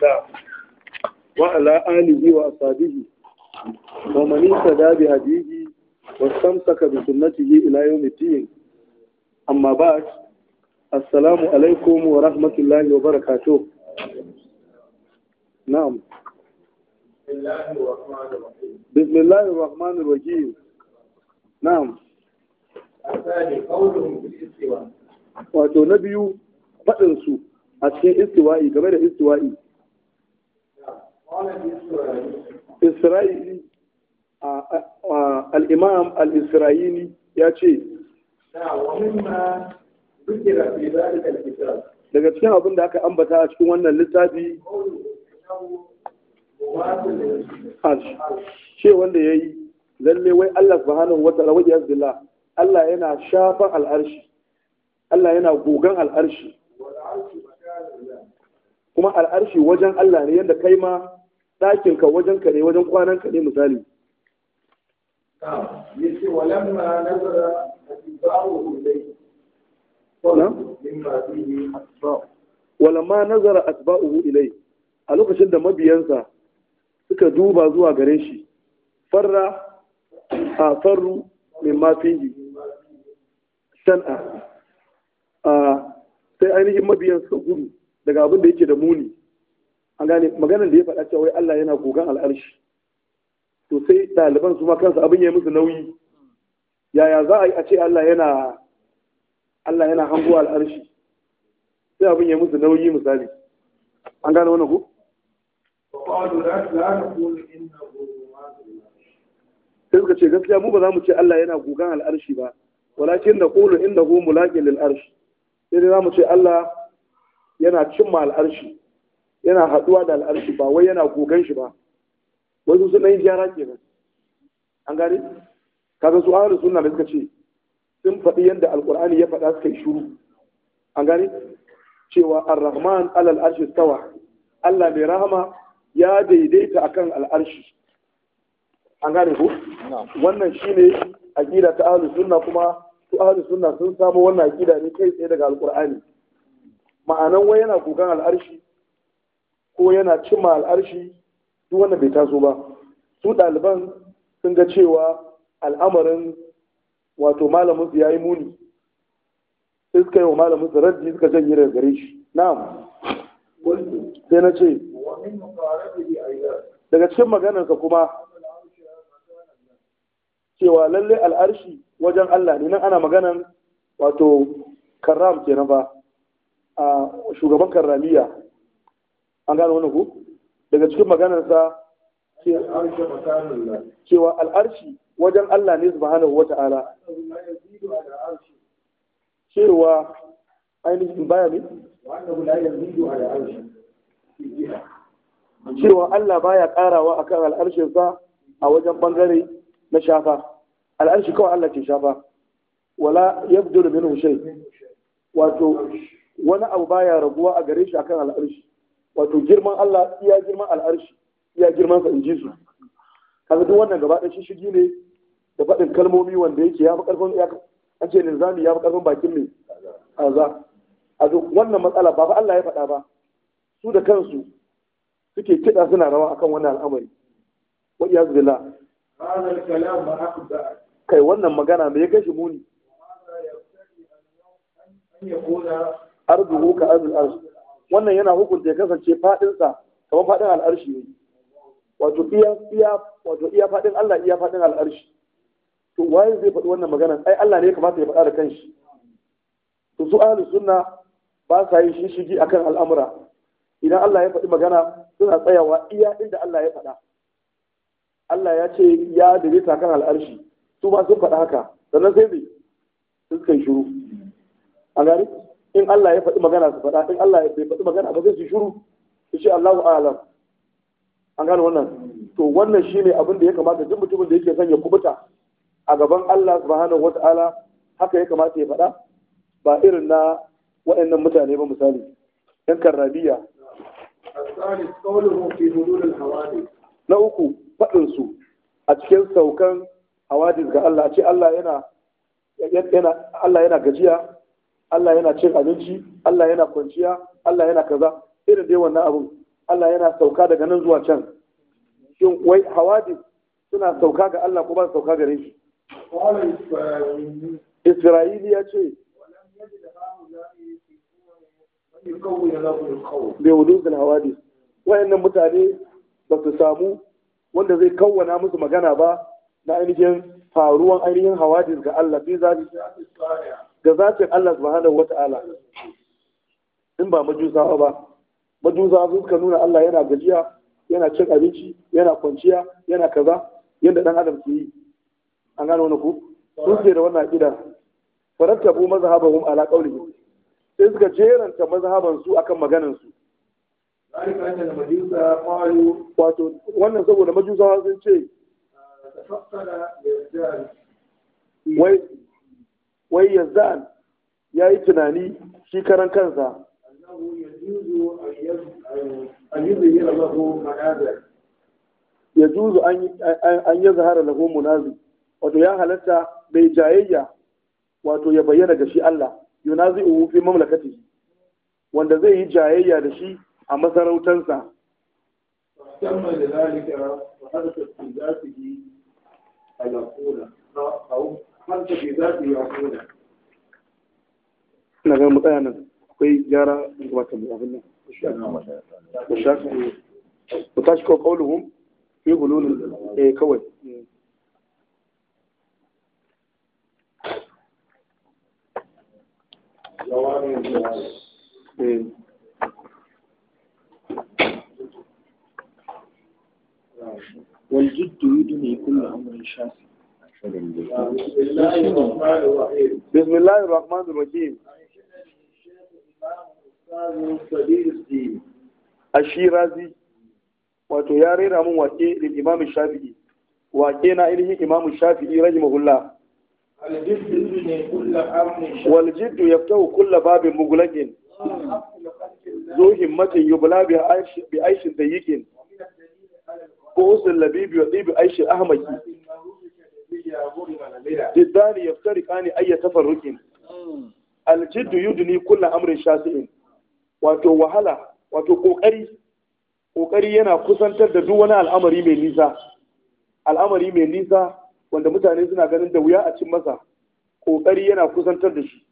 الله وعلى آله وأصحابه ومن اهتدى بهديه واستمسك بسنته إلى يوم الدين أما بعد السلام عليكم ورحمة الله وبركاته نعم بسم الله الرحمن الرحيم نعم wato na biyu faɗinsu a cikin istiwa'i game da istiwa'i Isra'ili al’imam al’isra’ili ya ce daga cikin abin da aka ambata a cikin wannan littafi ce wanda ya yi lalle wai Allah subhanahu wa ta'ala wajen yazdila Allah yana shafan al'arshi Allah yana gogan al'arshi kuma al'arshi wajen Allah ne yadda kai ma ɗakin ka wajen ka ne wajen kwanan ka ne misali yace walamma nazara atibahu ilayhi walamma nazara atibahu ilayhi a lokacin da mabiyansa suka duba zuwa gare shi farra a farru min mafihi sana'a sai ainihin mabiyan sa gudu daga abin da yake da muni an gane maganar da ya faɗa cewa wai Allah yana gogan al'arshi to sai ɗaliban su ma kansu abin ya yi musu nauyi yaya za a yi a ce Allah yana Allah yana hango al'arshi sai abin ya yi musu nauyi misali an gane wani ku sai suka ce gaskiya mu ba za mu ce Allah yana gogan al'arshi ba walakin da qulu innahu mulaqil lil arsh sai za mu ce Allah yana cimma al'arshi yana haɗuwa da al'arshi ba wai yana gogan shi ba wasu sun ɗan gyara kenan an gane kaga su ahlus sunna da suka ce sun faɗi yadda alqur'ani ya faɗa suka yi shuru an gane cewa ar-rahman alal arshi stawa Allah mai rahama ya daidaita akan al'arshi an gane ko wannan shine aqida ta ahlus sunna kuma su ahlus sunna sun samu wannan aqida ne kai tsaye daga alqur'ani ma'anan wai yana kogan al'arshi ko yana cimma al'arshi duk wannan bai taso ba su ɗaliban sun ga cewa al'amarin wato malamin su yayi muni sai suka yi wa malamin su raddi suka janye daga gare shi na'am sai na ce daga cikin maganarsa kuma cewa lalle al'arshi wajen Allah ne nan ana maganan wato karram kenan ba a shugaban karramiya an gano wani ku daga cikin maganarsa cewa al'arshi wajen Allah ne subhanahu wa ta'ala cewa ainihin baya ne cewa Allah baya karawa akan sa a wajen bangare na shafa al'arshi kawai Allah ke shafa wala yabdul minhu shay wato wani abu baya rabuwa a gare shi akan al'arshi wato girman Allah iya girman al'arshi iya girman sa in ji su kaga duk wannan gaba ɗaya shishigi ne da faɗin kalmomi wanda yake ya fi ƙarfin ya an ce nizami ya fi ƙarfin bakin mai kaza a duk wannan matsala ba fa Allah ya faɗa ba su da kansu suke kiɗa suna rawa akan wannan al'amari wa iya billah hadal kai wannan magana me ya gashi muni arduhu ka arzul arsh wannan yana hukunta ya kasance faɗinsa kamar faɗin al'arshi ne wato iya faɗin Allah iya faɗin al'arshi to waye zai faɗi wannan magana ai Allah ne ya kamata ya faɗa da kanshi to su ahlus sunna ba sa yin shishigi akan al'amura idan Allah ya faɗi magana suna tsayawa iya inda Allah ya faɗa Allah ya ce ya daidaita kan al'arshi su ma sun faɗa haka sannan sai mai suka yi shiru a gari in Allah ya faɗi magana su faɗa in Allah bai faɗi magana ba zai su shuru. su ce Allahu a'lam an gane wannan to wannan shine abin da ya kamata duk mutumin da yake son ya kubuta a gaban Allah subhanahu wata'ala haka ya kamata ya faɗa ba irin na waɗannan mutane ba misali yan karrabiya na uku faɗinsu a cikin saukan hawadis ga Allah ce Allah yana gajiya Allah yana cin abinci Allah yana kwanciya Allah yana kaza irin dai wannan abu Allah yana sauka daga nan zuwa can shin wai hawadi suna sauka ga Allah ko ba sauka gare shi Isra'ili ya ce bai wuduzin hawadi wayannan mutane ba su samu wanda zai kawwana musu magana ba na ainihin faruwan ainihin hawadis ga Allah bi za su ga zatin Allah subhanahu wata'ala in ba majusawa ba majusawa sun ka nuna Allah yana gajiya yana cin abinci yana kwanciya yana kaza yadda dan adam ke yi an gano wani ku sun ce da wannan aqida farattabu mazhabahum ala qawlihi sai suka jeranta mazhaban su akan maganan su wato wannan saboda majusawa sun ce wai wai yazan ya yi tunani shi karan kansa ya juzu an yi zahara lahu munazi wato ya halatta bai jayayya wato ya bayyana ga shi Allah yunazi uwu fi mamlakati wanda zai yi jayayya da shi a masarautansa musamman da wa hadasa fi zafi ala kula fanta bi za su yi wa koda ina nan akwai gyara abin nan tashi ko fi eh kawai والجد يدني كل شاسع بسم الله الرحمن الرحيم الشيرازي wato ya rera mun wake da imamu shafi'i wake na ainihin imamu shafi'i rahimahullah waljiddu yaftahu kulla babin mugulagin zo himmatin bula bi aishin dayiqin ko usul labibi wa ɗibi aishin ahmaki jiddani yaftariqani ayya tafarruqin aljiddu yudni kulla amrin shasi'in wato wahala wato kokari kokari yana kusantar da duk wani al'amari mai nisa al'amari mai nisa wanda mutane suna ganin da wuya a cin masa kokari yana kusantar da shi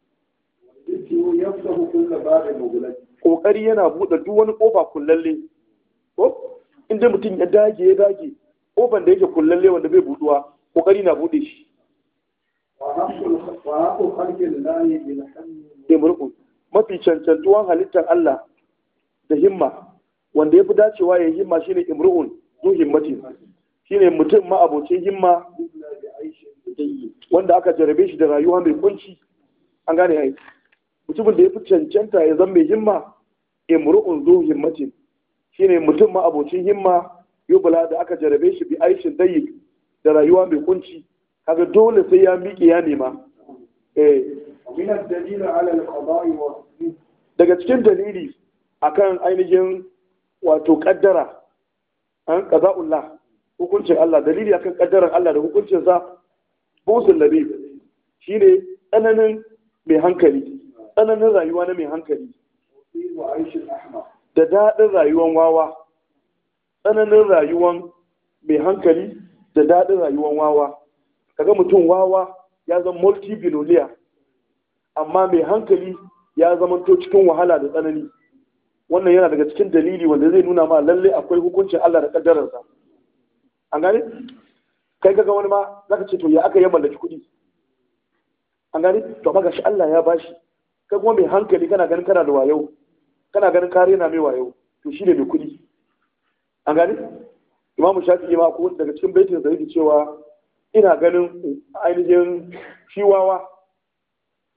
kokari yana buɗe duk wani ƙofa kullalle ko inda mutum ya dage ya dage ƙofan da yake kullalle wanda bai buɗuwa. kokari na bude shi mafi cancantuwan halittar Allah da himma wanda ya fi dacewa ya himma shine imru'un zu himmati ne mutum ma himma wanda aka jarabe shi da rayuwa mai kunci an gane ai mutumin da ya fi cancanta ya zama mai himma imru'un zu himmati ne mutum ma himma yubula da aka jarabe shi bi aishin dayyik da rayuwa mai kunci kaga dole sai ya miƙe ya nema eh daga cikin dalili akan ainihin wato kaddara an qada'ullah hukuncin Allah dalili akan kaddaran Allah da hukuncin sa busul labib shine tsananin mai hankali tsananin rayuwa na mai hankali da daɗin rayuwan wawa tsananin rayuwan mai hankali da daɗin rayuwar wawa kaga mutum wawa ya zama multi biloliya, amma mai hankali ya zamanto cikin wahala da tsanani wannan yana daga cikin dalili wanda zai nuna ma lalle akwai hukuncin Allah da kaddararsa an gane kai kaga wani ma zaka ce to ya aka yi mallaki kuɗi an gane to amma gashi Allah ya bashi kai kuma mai hankali kana ganin kana da wayo kana ganin kare na mai wayo to shi ne mai kuɗi an gane imam shafi'i ma ko daga cikin baitin da yake cewa ina ganin ainihin fiwawa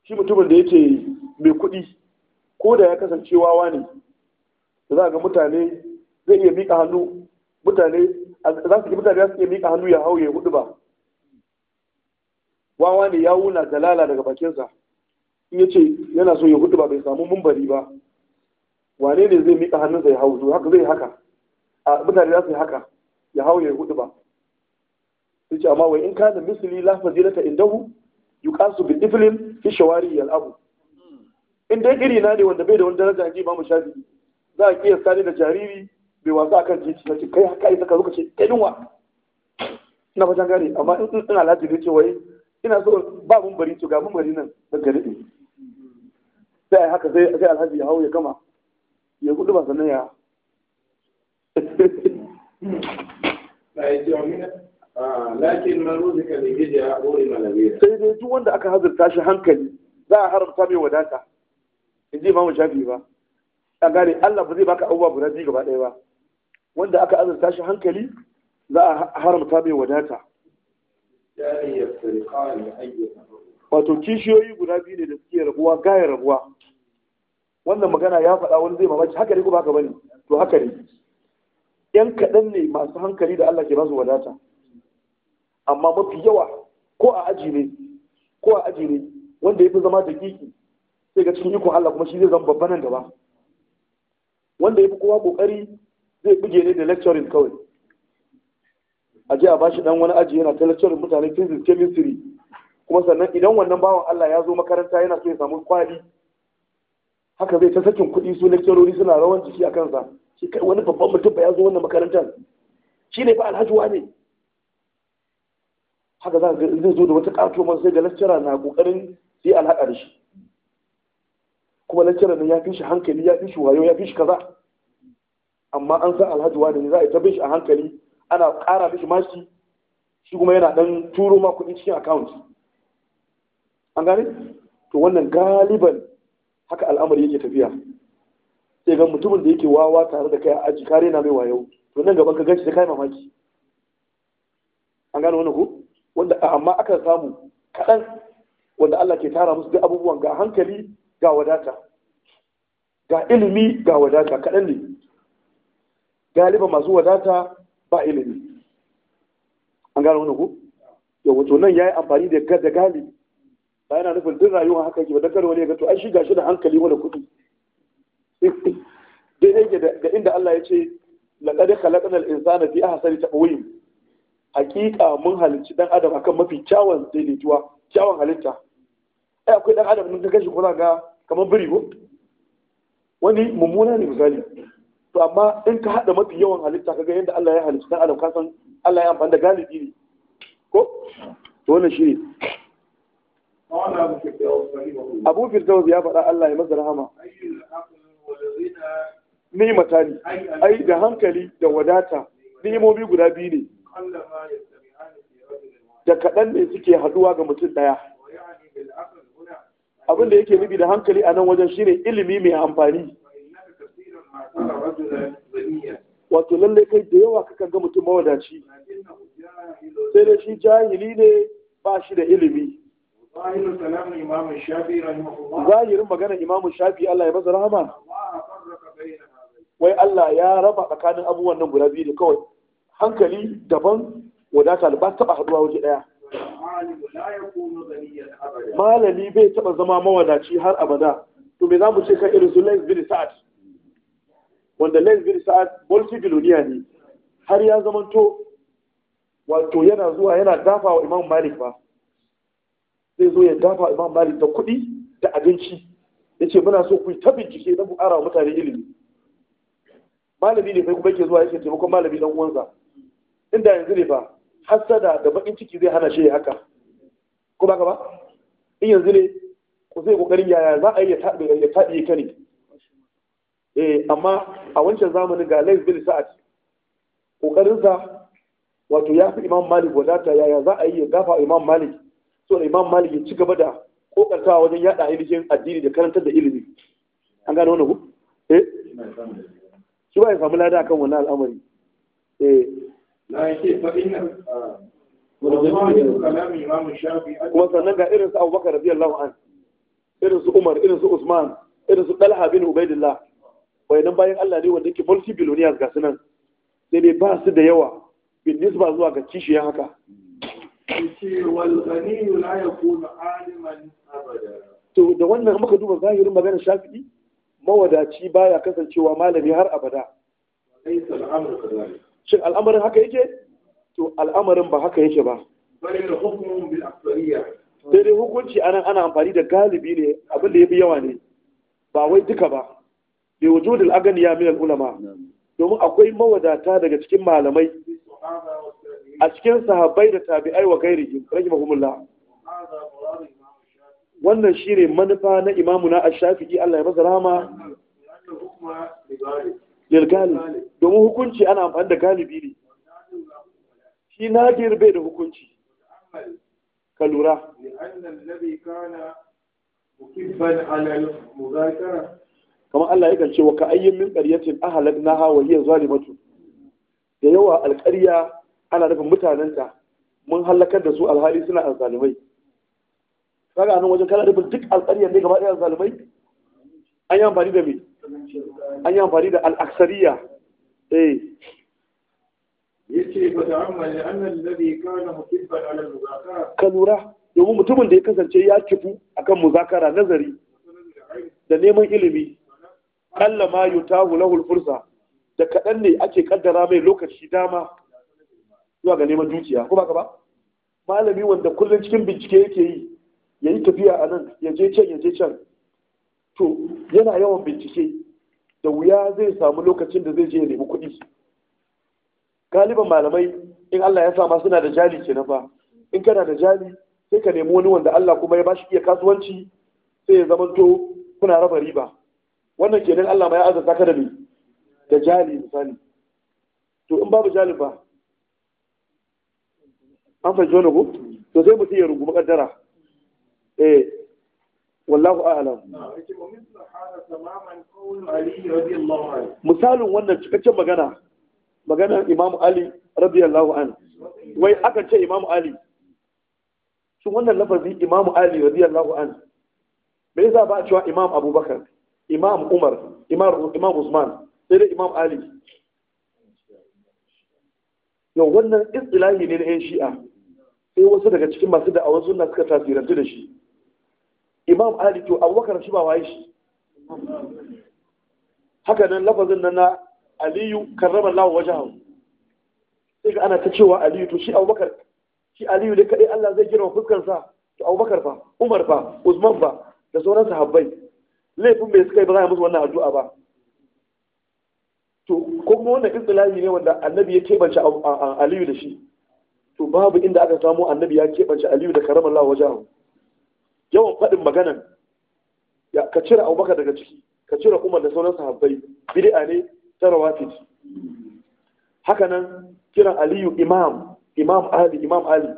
shi mutumin da yake mai kuɗi ko da ya kasance wawa ne da za ga mutane zai iya miƙa hannu mutane za su mutane za su iya miƙa hannu ya hau ya hudu ba wawa ne ya wuna dalala daga bakinsa in ya ce yana so ya hudu ba bai samu mumbari ba wane ne zai miƙa hannunsa ya hau haka zai haka mutane za su yi haka ya hau ya yi hudu ba sai ce amma wai in kana misali la fazilata indahu kasu bi tiflin fi shawari ya yal'abu in dai iri na ne wanda bai da wani daraja ji ba mu sha shafi za a kiyasta ne da jariri bai wasa akan jiki na ce kai haka ai saka lokaci ɗin wa ina fatan gane amma in ina alhaji ce wai ina so ba mun bari to ga mun bari nan da gari ne sai a haka sai sai alhaji ya hau ya kama ya gudu ba sannan ya lakin sai dai duk wanda aka hazurta shi hankali za a haramta mai wadata in ji mamu shafi ba a gane Allah ba zai baka abubuwa guda biyu gaba ɗaya ba wanda aka azurta shi hankali za a haramta mai wadata wato kishiyoyi guda biyu ne da suke rabuwa gaya rabuwa wannan magana ya faɗa wani zai mamaci haka ne ko ba haka bane to haka ne yan kaɗan ne masu hankali da Allah ke ba wadata amma mafi yawa ko a aji ne ko a aji ne wanda ya fi zama da kiki sai ga cikin ikon Allah kuma shi zai zama babba nan gaba wanda ya fi kowa ƙoƙari zai buge ne da lecturing kawai a ji a bashi dan wani aji yana ta lecturing mutane physics chemistry kuma sannan idan wannan bawan Allah ya zo makaranta yana so ya samu kwali haka zai ta sakin kuɗi su lecturori suna rawan jiki a kansa sai kai wani babban mutum ya zo wannan makarantar shi ne ba alhaji ne haka za ga zai zo da wata ƙato man sai ga lecturer na kokarin sai alhaƙa da shi kuma lecturer nan ya fi shi hankali ya fi shi wayo ya fi shi kaza amma an san alhaji wani ne za a yi ta bin shi a hankali ana ƙara mishi mashi shi kuma yana ɗan turo ma kuɗi cikin account an gane to wannan galiban haka al'amari yake tafiya sai ga mutumin da yake wawa tare da kai a aji kare na mai wayo to nan gaban ka gaci da kai mamaki an gano wannan ko wanda amma aka samu kaɗan wanda Allah ke tara musu duk abubuwan ga hankali ga wadata ga ilimi ga wadata kaɗan ne galiba masu wadata ba ilimi an gano wannan ko yau wato nan ya yi amfani da gada gali ba yana nufin duk rayuwa haka ke ba don kada wani ya ga to ai shi gashi da hankali wani kuɗi daidai ga inda Allah ya ce laqad khalaqna al-insana fi ahsani taqwim hakika mun halicci dan adam akan mafi kyawun daidaituwa kyawun halitta ai akwai dan adam mun ga shi kuna ga kamar biri ko wani mummuna ne misali to amma in ka hada mafi yawan halitta kaga yadda Allah ya halicci dan adam ka san Allah ya amfani da galibi ne ko to wannan shi ne Abu Firdaus ya faɗa Allah ya masa rahama. Ni ne ai da hankali da wadata ni'imomi guda biyu ne da kaɗan ne suke haɗuwa ga mutum ɗaya abin da yake nufi da hankali a nan wajen shine ilimi mai amfani wato lallai kai da yawa kakan ga mutum mawadaci sai da shi jahili ne ba shi da ilimi zahirin maganar imamun shafi Allah ya masa rahama wai Allah ya raba tsakanin abubuwan nan guda biyu ne kawai hankali daban wadata ba taba haduwa waje daya malami bai taba zama mawadaci har abada to me zamu ce ka irin su Lens bin Sa'ad wanda Lens bin Sa'ad multi-billionaire ne har ya zamanto wato yana zuwa yana dafa wa Imam Malik ba zai zo ya dafa Imam Malik da kuɗi da abinci Ya ce muna so ku ta bincike na buƙara mutane ilimi malami ne sai kuma yake zuwa yake taimakon malami dan uwansa inda yanzu ne ba hassada da bakin ciki zai hana shi haka ko ba ka ba in yanzu ne ku zai kokarin yaya za a yi ya tabi ya tabe ka ne eh amma a wancan zamanin ga Lais bil Sa'ad kokarin sa wato ya fi Imam Malik wadata yaya za a yi ya gafa Imam Malik so da Imam Malik ya ci gaba da kokartawa wajen yada ilimin addini da karantar da ilimi an gane wannan ku eh shi ba ya samu lada akan wannan al'amari eh na yake fa inna ah, kuma sannan ga irin su Abubakar radiyallahu an irin su Umar irin su Usman irin su Talha bin Ubaidillah nan bayan Allah ne wanda yake multi billionaires ga sunan sai dai ba su da yawa bin nisba zuwa ga kishiyan haka to da wannan muka duba zahirin maganar shafi'i mawadaci baya kasancewa malami har abada shin al'amarin haka yake to al'amarin ba haka yake ba sai dai hukunci anan ana amfani da galibi ne abin da fi yawa ne ba wai duka ba Bai da wujudul ya min al’ulama, domin akwai mawadata daga cikin malamai a cikin sahabbai da tabi'ai wa gairi rahimahumullah wannan shi ne manufa na imamuna na shafii Allah ya masa rama. lil domin hukunci ana amfani da galibi ne shi nadir bai da hukunci ka lura kamar Allah ya kance wa ka ayyin na hawa ahlaknaha wa hiya zalimatu da yawa alƙarya ana nufin mutanenta mun halakar da su alhali suna azzalimai kaga nan wajen kana nufin duk alƙaryar ne gaba ɗaya zalimai an yi amfani da me an yi amfani da al'aksariya eh yace fa ta'ammal anna alladhi kana mutibban ala al-muzakara ka lura domin mutumin da ya kasance ya kifu akan muzakara nazari da neman ilimi kalla ma yutahu lahu fursa da kaɗan ne ake kaddara mai lokaci dama zuwa ga neman dukiya ko ba ka ba malami wanda kullum cikin bincike yake yi ya yi tafiya a nan ya je can ya je can to yana yawan bincike da wuya zai samu lokacin da zai je ya nemi kuɗi galiban malamai in Allah ya sa ma suna da jali kenan fa in kana da jali sai ka nemi wani wanda Allah kuma ya bashi iya kasuwanci sai ya zamanto kuna raba riba wannan kenan Allah ma ya azurta ka da me da jali misali to in babu jali ba an fahimci wani ko to sai mutum ya rubu makaddara eh wallahu a'lam misalin wannan cikakken magana maganar imamu ali radiyallahu an wai aka ce imamu ali shi wannan lafazi Imam ali radiyallahu an me yasa ba cewa imam abubakar imam umar imam usman sai da imam ali yau wannan istilahi ne na yan shi'a sai wasu daga cikin masu da'awar sunna suka tasirantu da shi imam ali to abubakar shi ba waye shi haka nan lafazin nan na aliyu karrama Allah wajahu sai ga ana ta cewa aliyu to shi abubakar shi aliyu ne kadai Allah zai girma fuskar sa to abubakar fa umar fa usman fa da sauran sahabbai laifin bai suka yi ba za a musu wannan addu'a ba to ko kuma wannan istilahi ne wanda annabi ya kebance aliyu da shi to babu inda aka samu annabi ya kebance aliyu da karamar wajen hau. yawan faɗin maganan ka cire abubakar daga ciki ka cire umar da sauran sahabbai bid'a ne ta rawatib haka nan kiran aliyu imam imam ali imam ali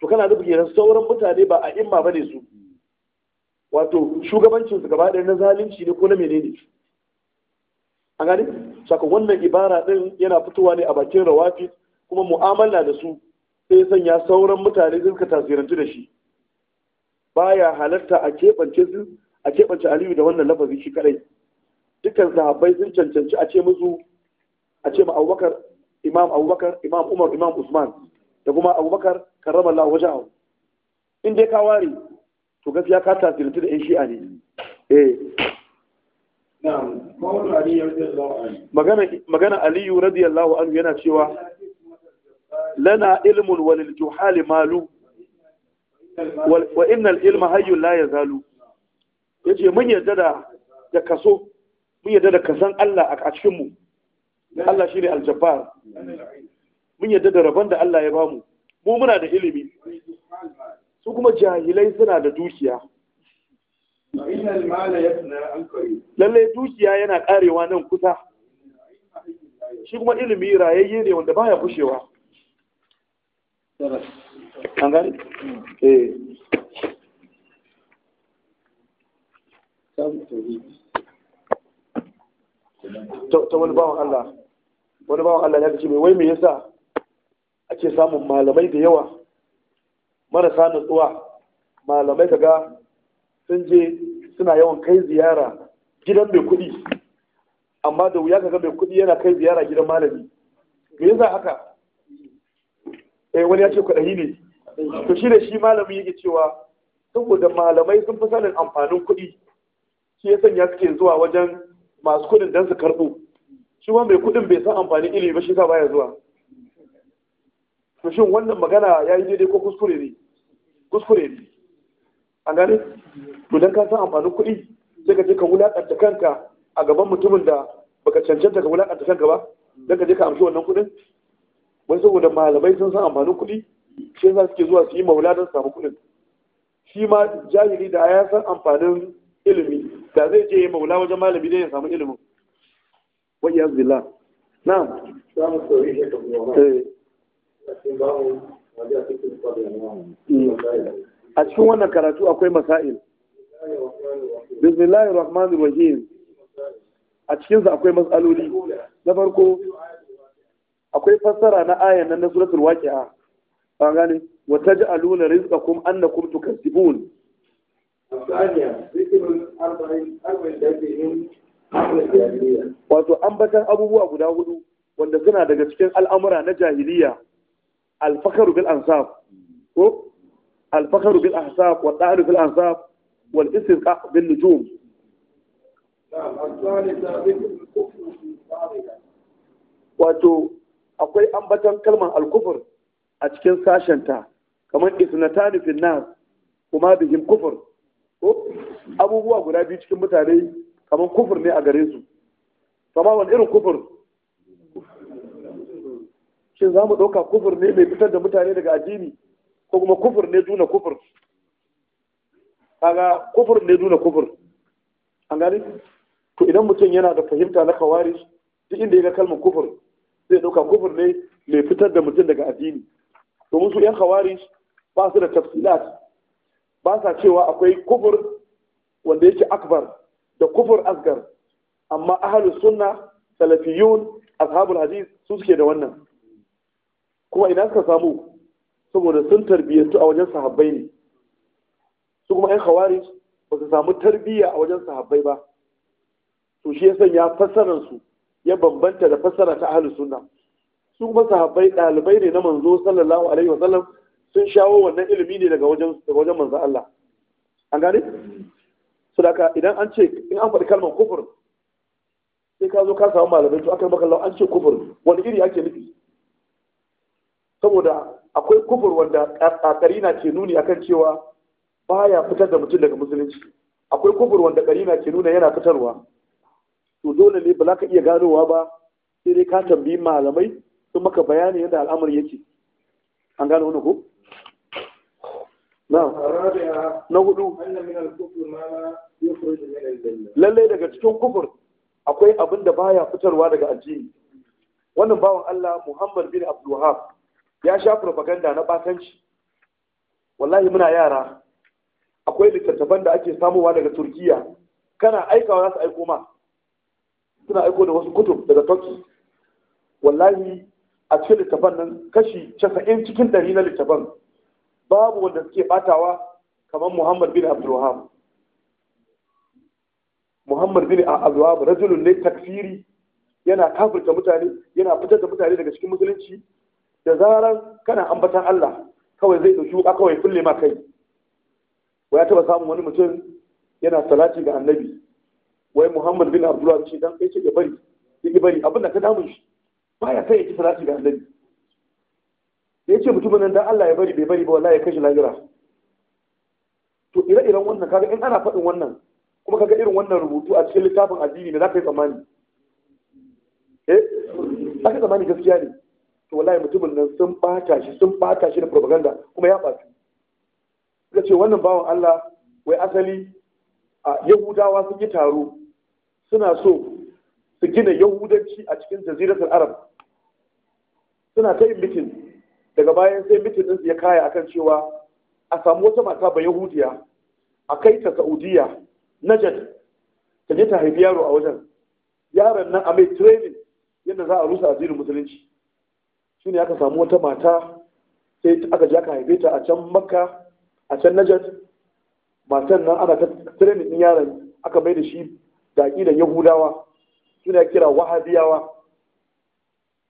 to kana da bugiran sauran mutane ba a imma bane su wato shugabancin su gaba ɗaya na zalunci ne ko na menene an gani saka wannan ibara din yana fitowa ne a bakin rawafi, kuma mu'amala da su sai sanya sauran mutane suka tasirantu da shi baya halarta a keɓance su a keɓance aliyu da wannan lafazi shi kadai dukkan sahabbai sun cancanci a ce musu a ce ma abubakar imam abubakar imam umar imam usman da kuma abubakar karramallahu wajahu in dai ka ware to gaskiya ka tasirinta da yan shi'a ne eh magana aliyu radiyallahu anhu yana cewa lana ilmun walil juhali malu wa innal ilma hayyun la yazalu yace mun yadda da da kaso mun yarda da kasan Allah a cikin mu Allah shine aljabbar mun yarda da rabon da Allah ya bamu mu muna da ilimi su kuma jahilai suna da dukiya lalle dukiya yana karewa nan kusa shi kuma ilimi rayayye ne wanda baya bushewa Eh. ta wani bawan Allah wani bawan Allah ya ce mai wai me yasa ake samun malamai da yawa marasa nutsuwa malamai kaga sun je suna yawan kai ziyara gidan mai kuɗi amma da wuya kaga mai kuɗi yana kai ziyara gidan malami me yasa haka eh wani ya ce kwaɗayi ne to shi da shi malami yake cewa saboda malamai sun fi sanin amfanin kuɗi shi ya sanya suke zuwa wajen masu kuɗin don su karɓo shi wani mai kuɗin bai san amfanin ilimi ba shi sa baya zuwa to shin wannan magana ya yi daidai ko kuskure ne kuskure ne an gane to dan ka san amfanin kuɗi sai ka je ka wulaƙanta kanka a gaban mutumin da baka cancanta ka wulaƙanta kanka ba dan ka je ka amshi wannan kuɗin wai saboda malamai sun san amfanin kuɗi shi yasa suke zuwa su yi maula don samu kuɗin shi ma jahili da ya san amfanin ilimi da zai je ya maula wajen malami dai ya samu ilimin wa iyaz billah na. Mm. a cikin wannan karatu akwai masail bismillahir rahmanir rahim a cikinsa akwai matsaloli na farko akwai fassara na ayan nan na suratul waqi'a an gane wa taj'aluna rizqakum annakum tukazzibun wato ambatan abubuwa guda hudu wanda suna daga cikin al'amura na jahiliya alfakaru bil ansab ko alfakaru bil ahsab wa dahru bil ansab wal istisqa bil nujum wato akwai ambaton kalmar alkufur a cikin sashenta kamar isnatani fil nas kuma bihim kufur ko abubuwa guda biyu cikin mutane kamar kufur ne a gare su kama wani irin kufur shin za mu ɗauka kufur ne mai fitar da mutane daga addini ko kuma kufur ne duna kufur kaga kufur ne duna kufur an gani to idan mutum yana da fahimta na kawari duk inda ya ga kalmar kufur sai dauka kufur ne mai fitar da mutum daga addini domin su yan khawarij ba su da tafsilat ba sa cewa akwai kufur wanda yake akbar da kufur asgar amma ahlus sunna salafiyun ashabul hadith su suke da wannan kuma ina suka samu saboda sun tarbiyyantu a wajen sahabbai ne su kuma 'yan khawarij ba su samu tarbiyya a wajen sahabbai ba to shi ya sanya fassarar su ya bambanta da fassara ta ahlus sunna su kuma sahabbai dalibai ne na manzo sallallahu alaihi wa sallam sun shawo wannan ilimi ne daga wajen daga wajen manzo Allah an gane su idan an ce in an faɗi kalmar kufur sai ka zo ka samu malamai to akan maka an ce kufur wani iri ake nufi saboda akwai kufur wanda karina ke nuni akan cewa baya fitar da mutum daga musulunci akwai kufur wanda karina ke nuna yana fitarwa to dole ne ba za ka iya ganowa ba sai dai ka tambayi malamai sun maka bayani yadda al'amari yake an gano wani ko na hudu lallai daga cikin kufur akwai abin da baya fitarwa daga addini wannan bawan Allah Muhammad bin Abdul ya sha propaganda na batanci wallahi muna yara akwai littattafan da ake samowa daga Turkiya kana aikawa za su aiko ma suna aiko da wasu kutub daga turkey wallahi a cikin littafan nan kashi casa'in cikin ɗari na littafan babu wanda suke batawa kamar muhammad bin abdulwahab muhammad bin abdulwahab rajulun ne takfiri yana kafirta mutane yana fitar da mutane daga cikin musulunci da zarar kana ambatan allah kawai zai ɗauki wuka kawai fulle ma kai wa ya taɓa samun wani mutum yana salati ga annabi wai Muhammad bin Abdullah ce dan kai ce ya bari yake bari abin da ka damu shi baya sai ya ci salati ga annabi ya ce mutumin nan dan Allah ya bari bai bari ba wallahi ya kashe lahira to ire-iren wannan kaga in ana faɗin wannan kuma kaga irin wannan rubutu a cikin littafin addini ne za ka yi tsammani eh za ka tsammani gaskiya ne to wallahi mutumin nan sun bata shi sun bata shi da propaganda kuma ya batu suka ce wannan bawan Allah wai asali a Yahudawa sun yi taro suna so su gina yahudanci a cikin jaziratar arab suna ta yin mitin daga bayan sai mitin ɗinsu ya kaya akan cewa a samu wata mata ba yahudiya a kai ta saudiya najad ta je ta haifi yaro a wajen yaron nan a mai training yadda za a rusa addinin musulunci ne aka samu wata mata sai aka ja aka haife ta a can makka a can najad matan nan ana ta training din yaron aka mai da shi da da yahudawa suna kira wahabiyawa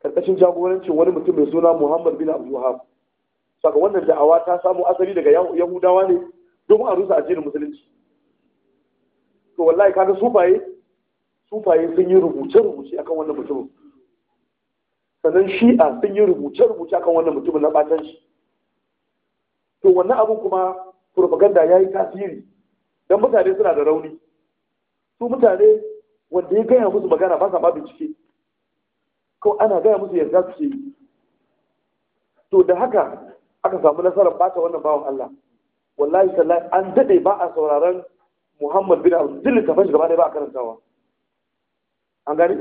ƙarƙashin jagorancin wani mutum mai suna muhammad bin abdul wahab saka wannan da'awa ta samu asali daga yahudawa ne domin a rusa ajiyar musulunci to wallahi kaga sufaye sufaye sun yi rubuce-rubuce akan wannan mutumin sannan shi'a sun yi rubuce-rubuce akan wannan mutumin na ɓatan shi to wannan abin kuma propaganda ya yi tasiri don mutane suna da rauni su mutane wanda ya gaya musu magana ba sa ma bincike ko ana gaya musu yarda su ce to da haka aka samu nasarar bata wannan bawan Allah wallahi tallahi an dade ba a sauraron Muhammad bin Abdul duk gaba ɗaya ba a karantawa an gani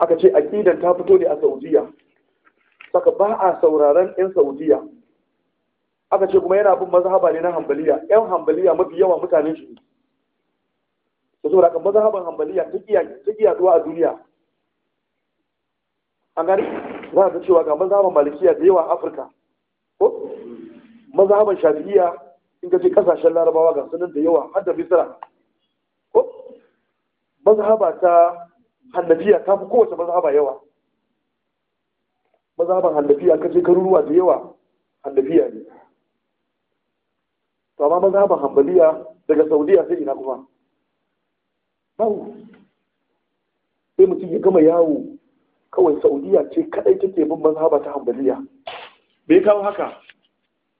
aka ce aqidan ta fito ne a Saudiya saka ba a sauraron yan Saudiya aka ce kuma yana bin mazhaba ne na Hanbaliya yan Hanbaliya mafi yawa mutanen shi ne da saboda haka mazhaban hanbaliya ta iya zuwa a duniya an gani za ka cewa ga mazhaban malikiya da yawa a afirka ko mazhaban shafi'iya in ka ce kasashen larabawa ga sunan da yawa har da misira ko mazhaba ta hannafiya ta fi kowace mazhaba yawa mazhaban hannafiya ka ce garuruwa da yawa hannafiya ne to amma mazhaban hanbaliya daga saudiya sai ina kuma babu sai mutum ya gama yawo kawai saudiya ce kadai take bin mazhaba ta hambaliya bai kawo haka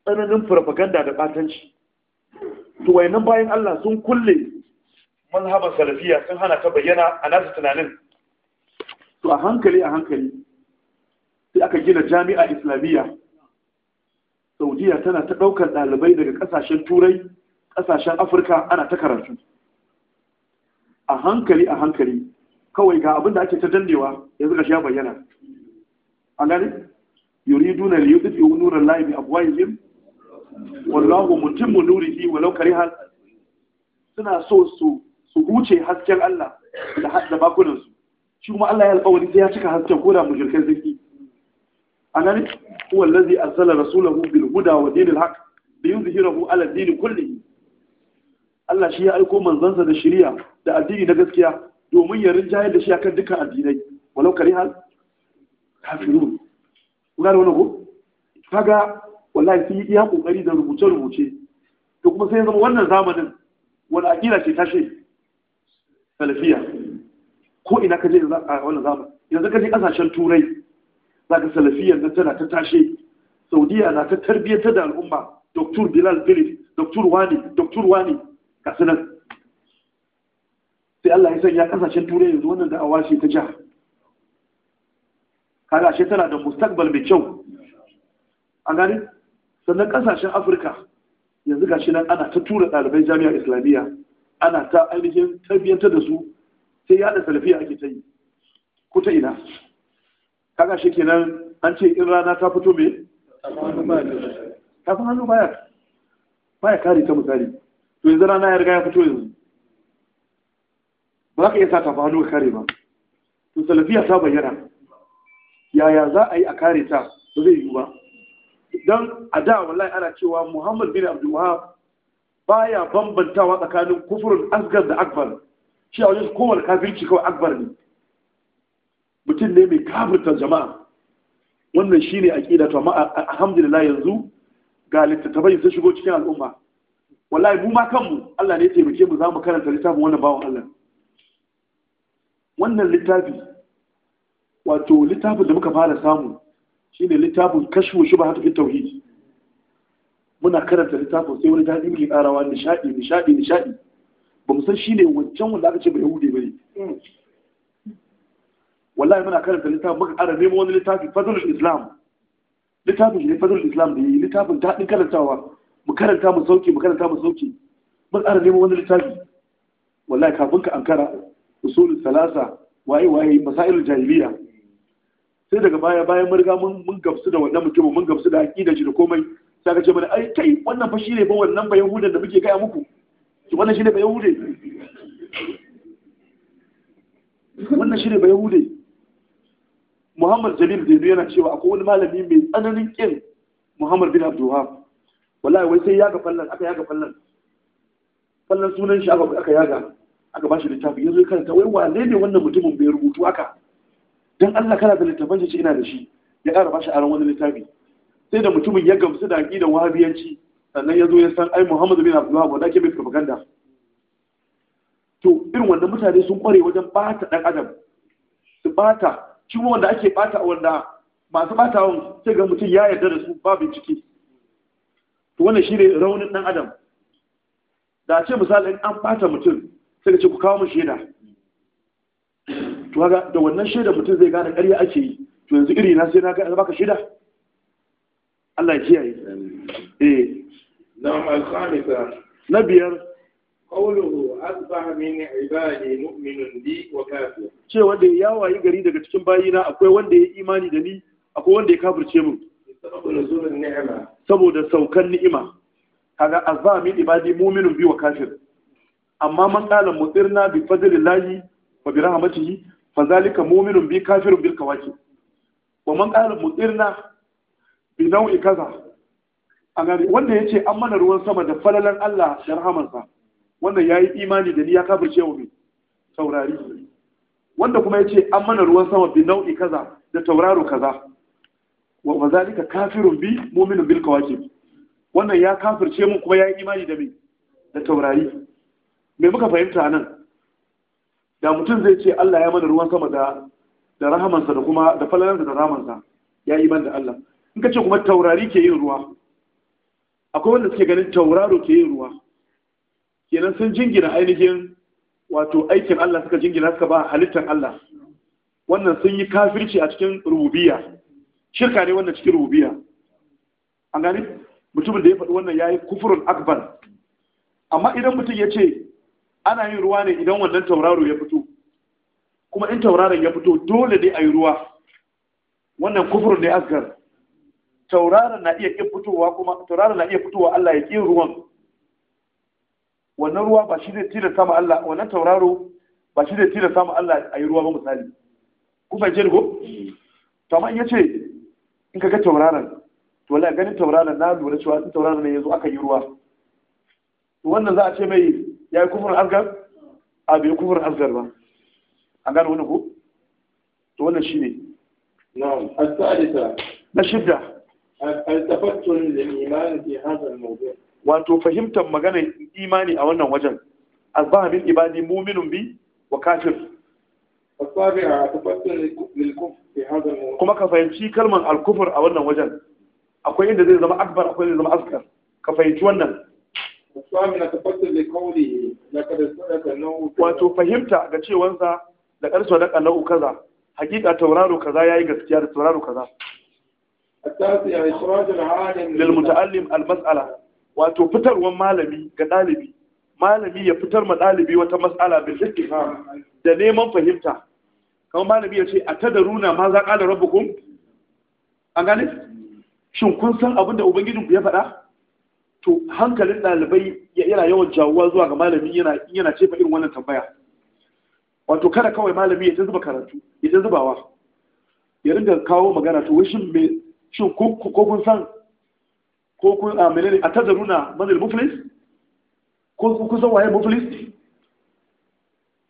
tsananin farfaganda da batanci to wayannan bayan Allah sun kulle mazhaban salafiya sun hana ta bayyana a nasu tunanin to a hankali a hankali sai aka gina jami'a islamiyya saudiya tana ta ɗaukar ɗalibai daga kasashen turai ƙasashen afirka ana ta karatu a hankali a hankali kawai ga abin da ake ta dannewa yanzu ga sha bayyana an gani yuriduna li yudfi'u nura llahi bi yin. wallahu mutimmu wa walau hal. suna so su su huce hasken Allah da hadda bakunan su shi kuma Allah ya alƙawari sai ya cika hasken ko da mushrikai zaki an gani huwa allazi arsala rasulahu bil huda wa dinil haqq liyuzhirahu ala din kullihi Allah shi ya aiko manzansa da shari'a da addini na gaskiya domin ya rinjaye da shi akan dukkan addinai walau kare hal kafirun kuna da wani ko kaga wallahi sun yi iya kokari da rubuce rubuce to kuma sai zama wannan zamanin wani aqida ce tashe salafiya ko ina ka je a wannan zaman yanzu ka je kasashen turai zaka salafiyar nan tana ta tashe saudiya na ta tarbiyyar da al'umma doktor bilal philip doktor wani doktor wani kasu nan sai Allah ya sanya kasashen turai yanzu wannan da ce ta ja kaga ashe tana da mustakbal mai kyau A gani sannan kasashen afirka yanzu gashi nan ana ta tura ɗalibai jami'a islamiyya ana ta ainihin tarbiyyantar da su sai yada salafiya ake ta yi ko ta ina kaga shi kenan an ce in rana ta fito mai? kafin hannu Ba baya kare ta misali to yanzu rana ya riga ya fito yanzu ba ka iya sa tafa hannu kare ba to salafiya ta bayyana yaya za a yi a kare ta ba zai yiwu ba don a da wallahi ana cewa muhammad bin abdulwahab baya bambantawa tsakanin kufurin asgar da akbar shi a wajen kowane kafirci kawai akbar ne mutum ne mai kafirta jama'a wannan shi shine ƙida to amma alhamdulillah yanzu ga littattafai sun shigo cikin al'umma wallahi mu ma kanmu Allah ne ya taimake mu za mu karanta littafin wannan bawan Allah wannan littafi wato littafin da muka fara samu shine littafin kashfu shubhat fi tauhid muna karanta littafin sai wani daɗi muke karawa, nishaɗi nishaɗi nishaɗi ba mu san shine wancan wanda aka ce ba yahudi bane wallahi muna karanta littafin muka ƙara nemo wani littafi fadlul islam littafin ne fadlul islam da yi littafin daɗin karantawa mu karanta mu sauke mu karanta mu sauke mun ƙara neman wani littafi wallahi kafin ka ankara usulul salasa waye waye masailul jahiliya sai daga baya bayan mun riga mun gamsu da wannan mutum mun gamsu da aqida shi da komai sai ka ce mana ai kai wannan fa shine ba wannan ba yahudan da muke a muku wannan shine ba yahude wannan shine ba yahude Muhammad Jalil Zainu yana cewa akwai wani malami mai tsananin kin Muhammad bin Abdul Wahab wallahi wai sai yaga fallan aka yaga fallan fallan sunan shi aka aka yaga aka bashi littafi yanzu ya karanta wai wane ne wannan mutumin bai rubutu aka dan Allah kana da littafin shi ina da shi ya ƙara bashi aron wani littafi sai da mutumin ya gamsu da aqidan wahabiyanci sannan ya zo ya san ai Muhammad bin Abdullah wanda ke mai propaganda to irin wannan mutane sun kware wajen bata dan adam su bata shi wanda ake bata wanda masu batawan sai ga mutum ya yarda da su ba bincike to wannan shi ne raunin ɗan adam da ce misali an ɓata mutum sai ka ce ku kawo mu shaida to haka da wannan shaida mutum zai gane ƙarya ake yi to yanzu iri na sai na ga baka shaida Allah ya kiyaye eh na al-khamisa na biyar qawluhu asbaha min ibadi mu'minun bi wa kafir ce wanda ya wayi gari daga cikin bayina akwai wanda ya imani da ni akwai wanda ya kafirce mu saboda saukan ni'ima kaga azami ibadi mu'minun bi wa kafir amma man qala mutirna bi fadlillahi wa bi rahmatihi fa zalika mu'minun bi kafirun bil kawaki wa man qala mutirna bi nau'i kaza an wanda yace an mana ruwan sama da falalan Allah da rahamansa wanda yayi imani da ni ya kafirce wa mai taurari wanda kuma yace an mana ruwan sama bi nau'i kaza da tauraro kaza wa mazalika kafirun bi mu'minun bil kawakib wannan ya kafirce mu kuma ya yi imani da me da taurari me muka fahimta nan da mutum zai ce Allah ya mana ruwan sama da da rahamansa da kuma da falalansa da rahamansa ya yi da Allah in ka ce kuma taurari ke yin ruwa akwai wanda suke ganin tauraro ke yin ruwa kenan sun jingina ainihin wato aikin Allah suka jingina suka ba halittar Allah wannan sun yi kafirci a cikin rububiyya shirka ne wannan cikin rubiya an gani mutumin da ya faɗi wannan ya yi kufurin akbar amma idan mutum ya ce ana yin ruwa ne idan wannan tauraro ya fito kuma in tauraron ya fito dole ne a yi ruwa wannan kufurin ne asgar tauraron na iya ƙin fitowa kuma tauraron na iya fitowa Allah ya ƙi ruwan wannan ruwa ba shi ne tilasta sama Allah wannan tauraro ba shi ne tilasta sama Allah a yi ruwa ba misali ku fahimce ko to amma in ce. in ka ga tauraron to wallahi ganin tauraron na lura cewa in tauraron ne yazo aka yi ruwa To wannan za a ce mai ya yi kufurin asgar a bai kufurin azgar ba an gano wani ku to wannan shi ne na shidda wato fahimtar maganar imani a wannan wajen azbaha min ibadi muminun bi wa kafir kuma ka fahimci kalmar alkufur a wannan wajen akwai inda zai zama akbar akwai zai zama askar ka fahimci wannan wato fahimta ga cewansa da ƙarshe da ƙanau kaza hakika tauraro kaza ya yi gaskiya da tauraro kaza lil muta'allim al mas'ala wato fitarwan malami ga ɗalibi malami ya fitar ma ɗalibi wata mas'ala bil istifham da neman fahimta kamar malami ya ce a ta da runa ma za ƙala rabu kun an gane shin kun san abin da ubangijinku ya faɗa to hankalin ɗalibai yana yawan jawuwa zuwa ga malami yana cefa irin wannan tambaya wato kada kawai malami ya ta zuba karatu ya ta zubawa ya ringa kawo magana to wai shin me shin ko kun san ko kun a menene a tazaruna manzil muflis ko kun san waye muflis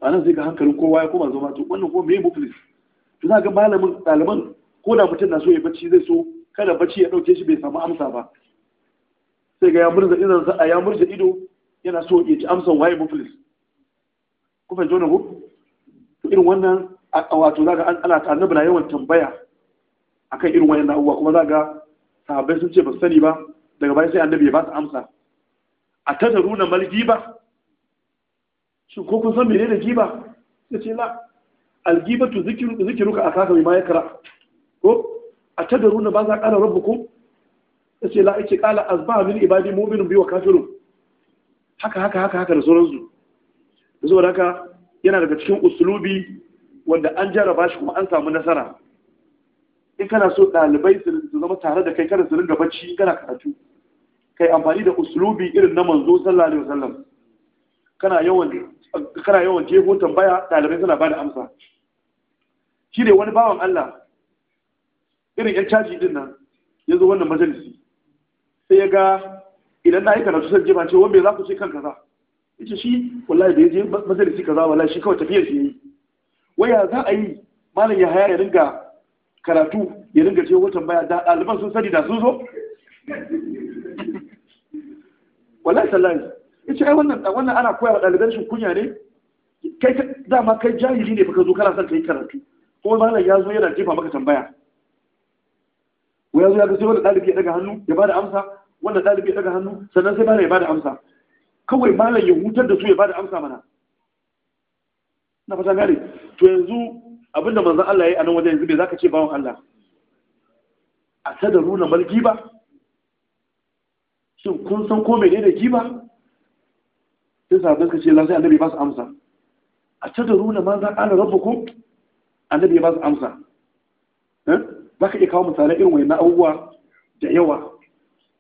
a nan sai ga hankalin kowa ya koma zama to wannan ko me muflis to za ga malamin daliban ko da mutum na so ya bacci zai so kada bacci ya ɗauke shi bai samu amsa ba sai ga ya murza idan sa a ya murza ido yana so ya ci amsan waye muflis ku fahimta wannan ko to irin wannan a wato za ga ana annabi na yawan tambaya akan irin wannan abubuwa kuma za ga sahabbai sun ce ba sani ba daga baya sai annabi ya ba su amsa a tadaruna ba. shi ko kun san ne giba sai ce la algibatu zikiru zikiruka kaka mai yakra ko a na ba za qala rabu sai ce la yake qala azba min ibadi mu'minun bi wa kafiru haka haka haka haka da sauransu saboda haka yana daga cikin usulubi wanda an jaraba shi kuma an samu nasara in kana so ɗalibai su zama tare da kai kada su ringa bacci kana karatu kai amfani da usulubi irin na manzo sallallahu alaihi wasallam kana yawan kana yawan jego tambaya ɗalibai suna ba da amsa shi ne wani bawan Allah irin yan caji din nan ya zo wannan majalisi sai ya ga idan na yi karatu sai jima ce wanda za ku ce kan kaza Ita shi wallahi da ya je majalisi kaza wallahi shi kawai tafiyar shi yi waya za a yi malam ya haya ya ringa karatu ya ringa ce wata baya da ɗaliban sun sani da sun zo wallahi sallahi ya ce ai wannan wannan ana koya wa ɗaliban shi kunya ne kai dama kai jahili ne baka zo kana son kai karatu kuma malam ya zo yana jefa maka tambaya wai ya zo ya ga sai wannan ɗalibi ya daga hannu ya bada amsa wannan dalibi ya daga hannu sannan sai malam ya bada amsa kawai malam ya hutar da su ya bada amsa mana na fata gane to yanzu abinda manzon Allah ya yi a nan wajen yanzu bai zaka ce bawon Allah a sadaruna mal ba? shin kun san ko menene giba sai sahabbai suka ce lan sai annabi ba su amsa a ta da runa ma za ƙara rabu ku annabi ba su amsa eh? za ka iya kawo misalai irin wani abubuwa da yawa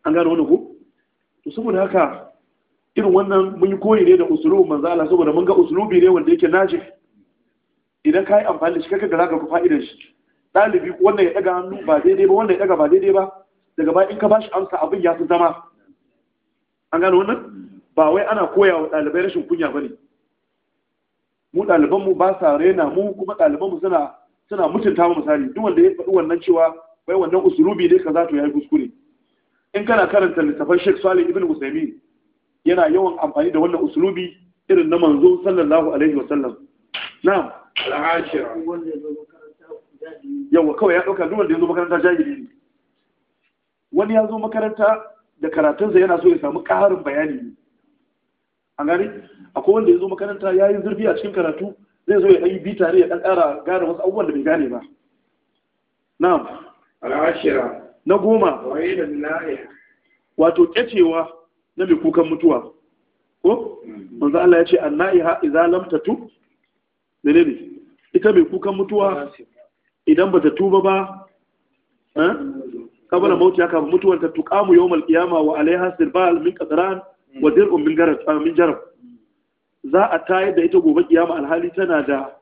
an gano wani ku to saboda haka irin wannan mun yi koyi ne da usulubu manzo Allah saboda mun ga usulubi ne wanda yake najih idan ka yi amfani da shi kaga za ka ku fa'idar shi ɗalibi wannan ya ɗaga hannu ba daidai ba wannan ya ɗaga ba daidai ba daga baya in ka ba shi amsa abin ya fi zama an gano wannan ba wai ana koya wa ɗalibai rashin kunya ba ne mu ɗalibanmu ba sa rena mu kuma ɗalibanmu suna suna mutunta mu misali duk wanda ya faɗi wannan cewa bai wannan usulubi ne kaza to yayi kuskure in kana karanta littafin Sheikh Salih ibn Usaimin yana yawan amfani da wannan usulubi irin na manzo sallallahu alaihi wa sallam na'am al'ashira yawa kawai ya dauka duk wanda ya zo makaranta jahili ne wani ya zo makaranta da karatunsa yana so ya samu ƙarin bayani ne. an gane akwai wanda ya zo makaranta ya yi zurfi a cikin karatu zai zo ya ɗan yi bi tare ya ɗan ƙara gane wasu abubuwan da bai gane ba na al'ashira na goma wato ƙyacewa na mai kukan mutuwa ko mm. manzo Allah ya ce annaiha idza lam ne ne ita mai kukan mutuwa idan bata tuba ba eh kabala mm. mauti haka mutuwar ta tuqamu yawmal qiyama wa alaiha sirbal min qadran wadir umbin ah, min jarab za a tayar da ita gobe kiyama alhali tana da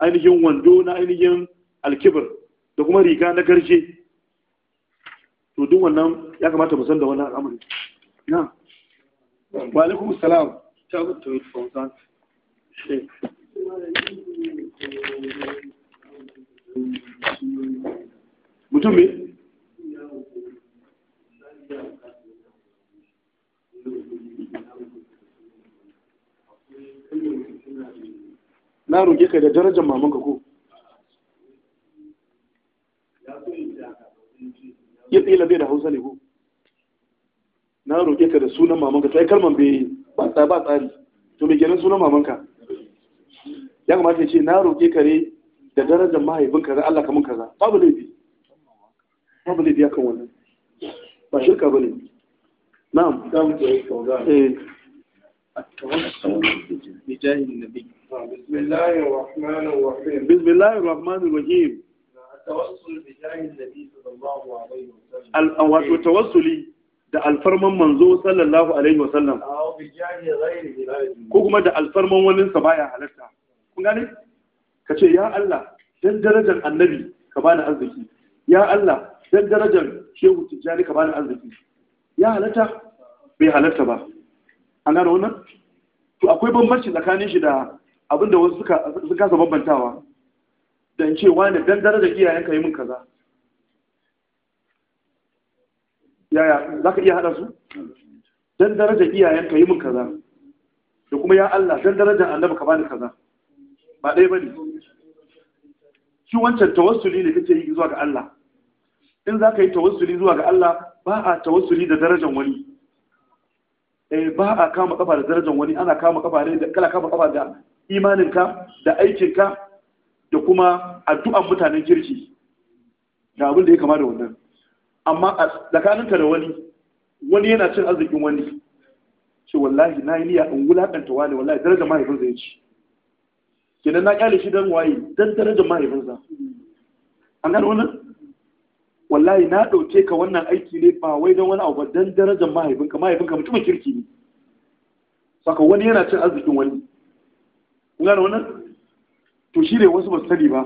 ainihin wando na ainihin alkibir da kuma riga na garje to duk wannan ya kamata mu san da wannan al'amari na wa alaikum salam ta fawzan mutum me na roƙe ka da darajar mamanka ko ya tsila bai da hausa ne ko na roƙe ka da sunan mamanka sai kalman bai ba tsari ba tsari to bai kenan sunan mamanka ya kamata ya ce na roƙe ka ne da darajar mahaifin kaza Allah kamun kaza babu laifi babu laifi akan wannan ba shirka ba ne na'am za mu je kauga eh at-tawassul bi jahil nabi بسم الله الرحمن الرحيم بسم الله الرحمن الرحيم التوسل بجاه النبي صلى الله عليه وسلم da alfarman manzo sallallahu alaihi wasallam ko kuma da alfarman wani sa baya halarta kun gane ka ce ya Allah dan darajar annabi ka bani arziki ya Allah dan darajar shehu tijjani ka bani arziki ya halarta bai halarta ba an gane wannan to akwai bambanci tsakanin shi da abinda wasu suka kasa bambantawa ce wani ne zara da iyayenka yi min kaza yaya za ka iya haɗa su dan daraja iyayenka yi min kaza da kuma ya Allah dan da annabi ka bani kaza ba ɗaya bane shi wancan tawassuli ne kace yi zuwa ga Allah in za ka yi tawassuli zuwa ga Allah ba a tawassuli da darajar wani eh ba a kama kafa da darajar wani ana kama kafa ne da kala kama kafa da imaninka da aikinka da kuma addu'an mutanen kirki da abin da ya kama da wannan amma a tsakaninka da wani wani yana cin arzikin wani ce wallahi na yi niyya in wulakanta wani wallahi daraja mahaifinsa ya ci kenan na ƙyale shi don waye don daraja mahaifinsa an gano wannan wallahi na ɗauke ka wannan aiki ne ba wai don wani abu Don darajar mahaifinka mahaifinka mutumin kirki ne saka wani yana cin arzikin wani kun gane wannan to shi ne wasu basu sani ba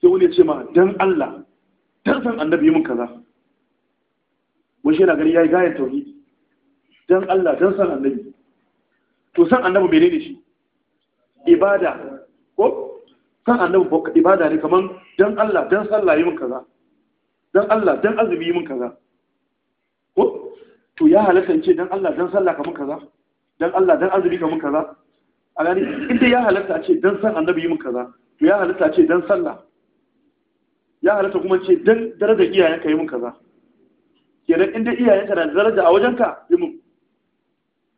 sai wani ya ce ma dan Allah dan san annabi mun kaza wani shi yana gani yayi gayar tauri dan Allah dan san annabi to san annabi ne shi ibada ko san annabi ibada ne kaman dan Allah dan sallah yi mun kaza dan Allah dan azumi yi mun kaza ko to ya halatta ce dan Allah dan sallah kaman kaza dan Allah dan azumi kaman kaza a gani inda ya halatta ce dan san annabi yi min kaza to ya halatta ce dan sallah ya halatta kuma ce don darajar iyayenka yi min kaza kenan inda iyayenka na da daraja a wajenka yi min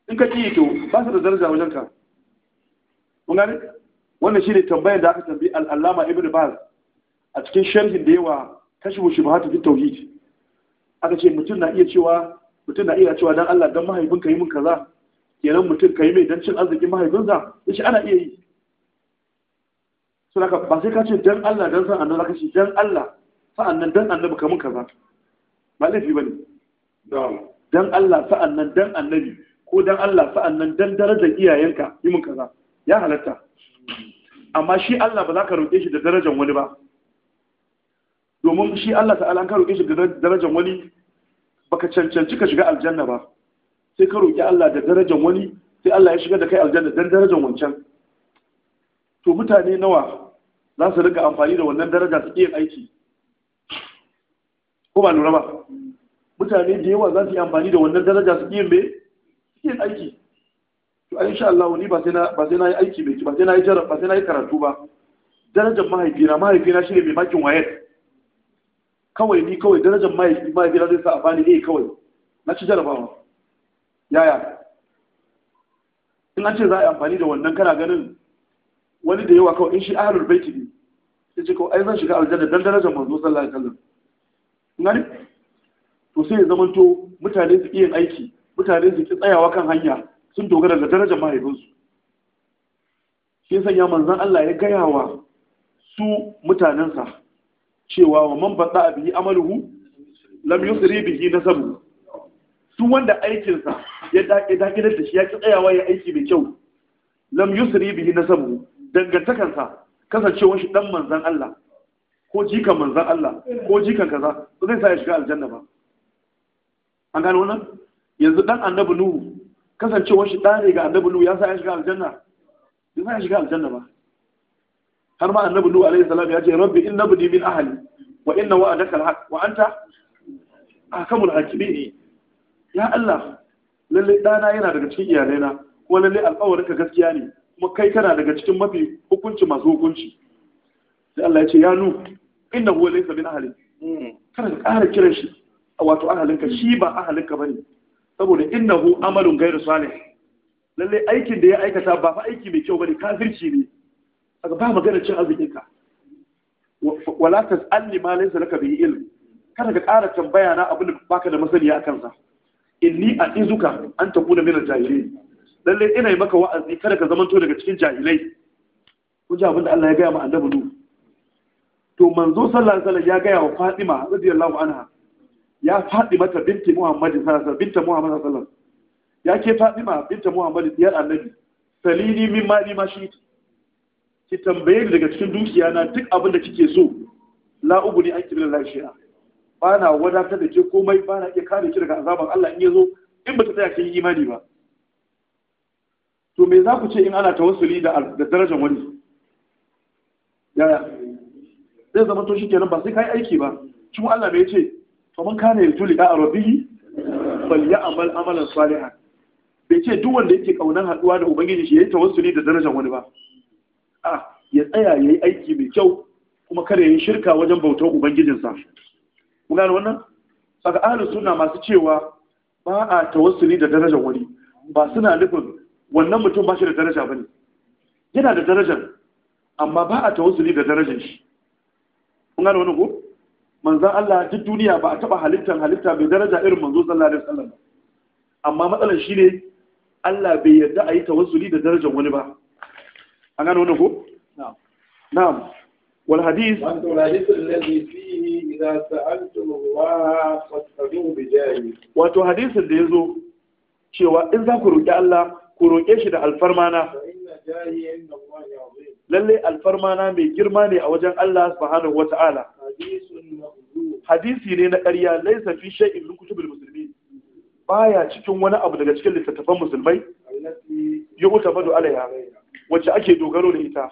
in ka ci to ba su da daraja a wajenka kun gani wannan ne tambayar da aka tambayi al-Allama Ibn Baz a cikin sharhin da yawa kashfu shubhat fi tauhid aka ce mutum na iya cewa mutum na iya cewa dan Allah dan mahaifinka yi min kaza kenan mutum ka yi mai don cin arzikin mahaifinsa da shi ana iya yi su da ba sai ka ce don Allah don san annan ka don Allah sa'an nan don annabi kamun kaza ba laifi ba ne don Allah sa'an nan don annabi ko don Allah sa'an nan don darajar iyayenka yi mun kaza ya halatta amma shi Allah ba za ka roƙe shi da darajar wani ba domin shi Allah ta'ala ka roƙe shi da darajar wani baka cancanci ka shiga aljanna ba sai ka roƙi Allah da darajar wani sai Allah ya shiga da kai aljanna dan darajar wancan to mutane nawa za su riga amfani da wannan daraja su iya aiki ko ba lura ba mutane da yawa za su yi amfani da wannan daraja su iya me su iya aiki to ai insha Allah ni ba sai na ba sai na yi aiki ba ba sai na yi jarab ba sai na yi karatu ba darajar mahaifina mahaifina shine mai makin waye. kawai ni kawai darajar mahaifina zai sa a bani eh kawai na ci jarabawa yaya in an ce za a yi amfani da wannan kana ganin wani da yawa kawai in shi ahalul baiti ne sai ce kawai ai zan shiga aljanna dan darajar manzo sallallahu alaihi wasallam ngani to sai ya zamanto mutane su iya aiki mutane su ki tsayawa kan hanya sun dogara ga darajar mahaifinsu shi sanya manzon Allah ya gaya wa su mutanensa cewa wa man bada bihi amaluhu lam yusri bihi nasabu su wanda aikinsa ya dakilar da shi ya ki tsayawa ya aiki mai kyau lam yusri bihi nasabu dangantakansa kasancewar shi dan manzan Allah ko jikan manzan Allah ko jikan kaza ba zai sa ya shiga aljanna ba an gano wannan yanzu dan annabi nuhu kasancewar shi dan ne ga annabi nuhu ya sa ya shiga aljanna ba sa ya shiga aljanna ba har ma annabi nuhu alaihi salam ya ce rabbi innabni min ahli wa inna wa'adaka alhaq wa anta ahkamul hakimin ya Allah lallai ɗana yana daga cikin iyalaina kuma lallai alƙawarinka gaskiya ne kuma kai kana daga cikin mafi hukunci masu hukunci sai Allah ya ce ya nu inna huwa laysa min ahli hmm. kada ka ƙara kiran shi wato ahalinka shi ba ahalinka bane saboda innahu amalun ghairu salih lallai aikin da ya aikata ba fa aiki mai kyau bane kafirci ne aka ba magana cin arzikinka wala tas'alni ma laysa laka bihi ilm kada ka ƙara tambaya na abin da baka da masaniya akan sa inni a izuka an ta kuna mina jahilai lalle ina yi maka wa'azi kada ka zamanto daga cikin jahilai kun ji abinda Allah ya gaya ma annabi nu to manzo sallallahu alaihi wasallam ya gaya wa Fatima radiyallahu anha ya Fatima ta binti Muhammad sallallahu alaihi wasallam binta Muhammad sallallahu alaihi ya ke Fatima binta Muhammad diyar annabi salini min mali ma shi ki tambaye daga cikin dukiya na duk abinda kike so la ubuni an kibila lafiya ba na wadatar da ke komai ba na iya kare ki daga azaban Allah in yazo zo in ba tsaya kin imani ba to me za ku ce in ana tawassuli da da darajar wani yaya zai zama to shikenan ba sai kai aiki ba kuma Allah bai ce to man kana yarju liqa rabbihi amal amalan salihan bai ce duk wanda yake kaunan haduwa da ubangiji shi yayi tawassuli da darajar wani ba a ya tsaya yayi aiki mai kyau kuma kare yin shirka wajen bautar ubangijinsa kun wannan saka ahlus sunna masu cewa ba a tawassuli da darajar wani ba suna nufin wannan mutum ba shi da daraja ba ne yana da darajar amma ba a tawassuli da darajar shi kun wani wannan ko manzon Allah duk duniya ba a taba halittar halitta mai daraja irin manzo sallallahu alaihi wasallam amma matsalar shi ne Allah bai yarda a yi tawassuli da darajar wani ba an gane wannan ko na'am na'am Wato hadisin da ya zo cewa in za ku roki Allah ku roke shi da alfarmana lalle alfarmana mai girma ne a wajen Allah subhanahu wata'ala hadisi ne na ƙarya laisa fi shay'in min kutubil baya cikin wani abu daga cikin littattafan musulmai yu'tabadu alaiha wacce ake dogaro da ita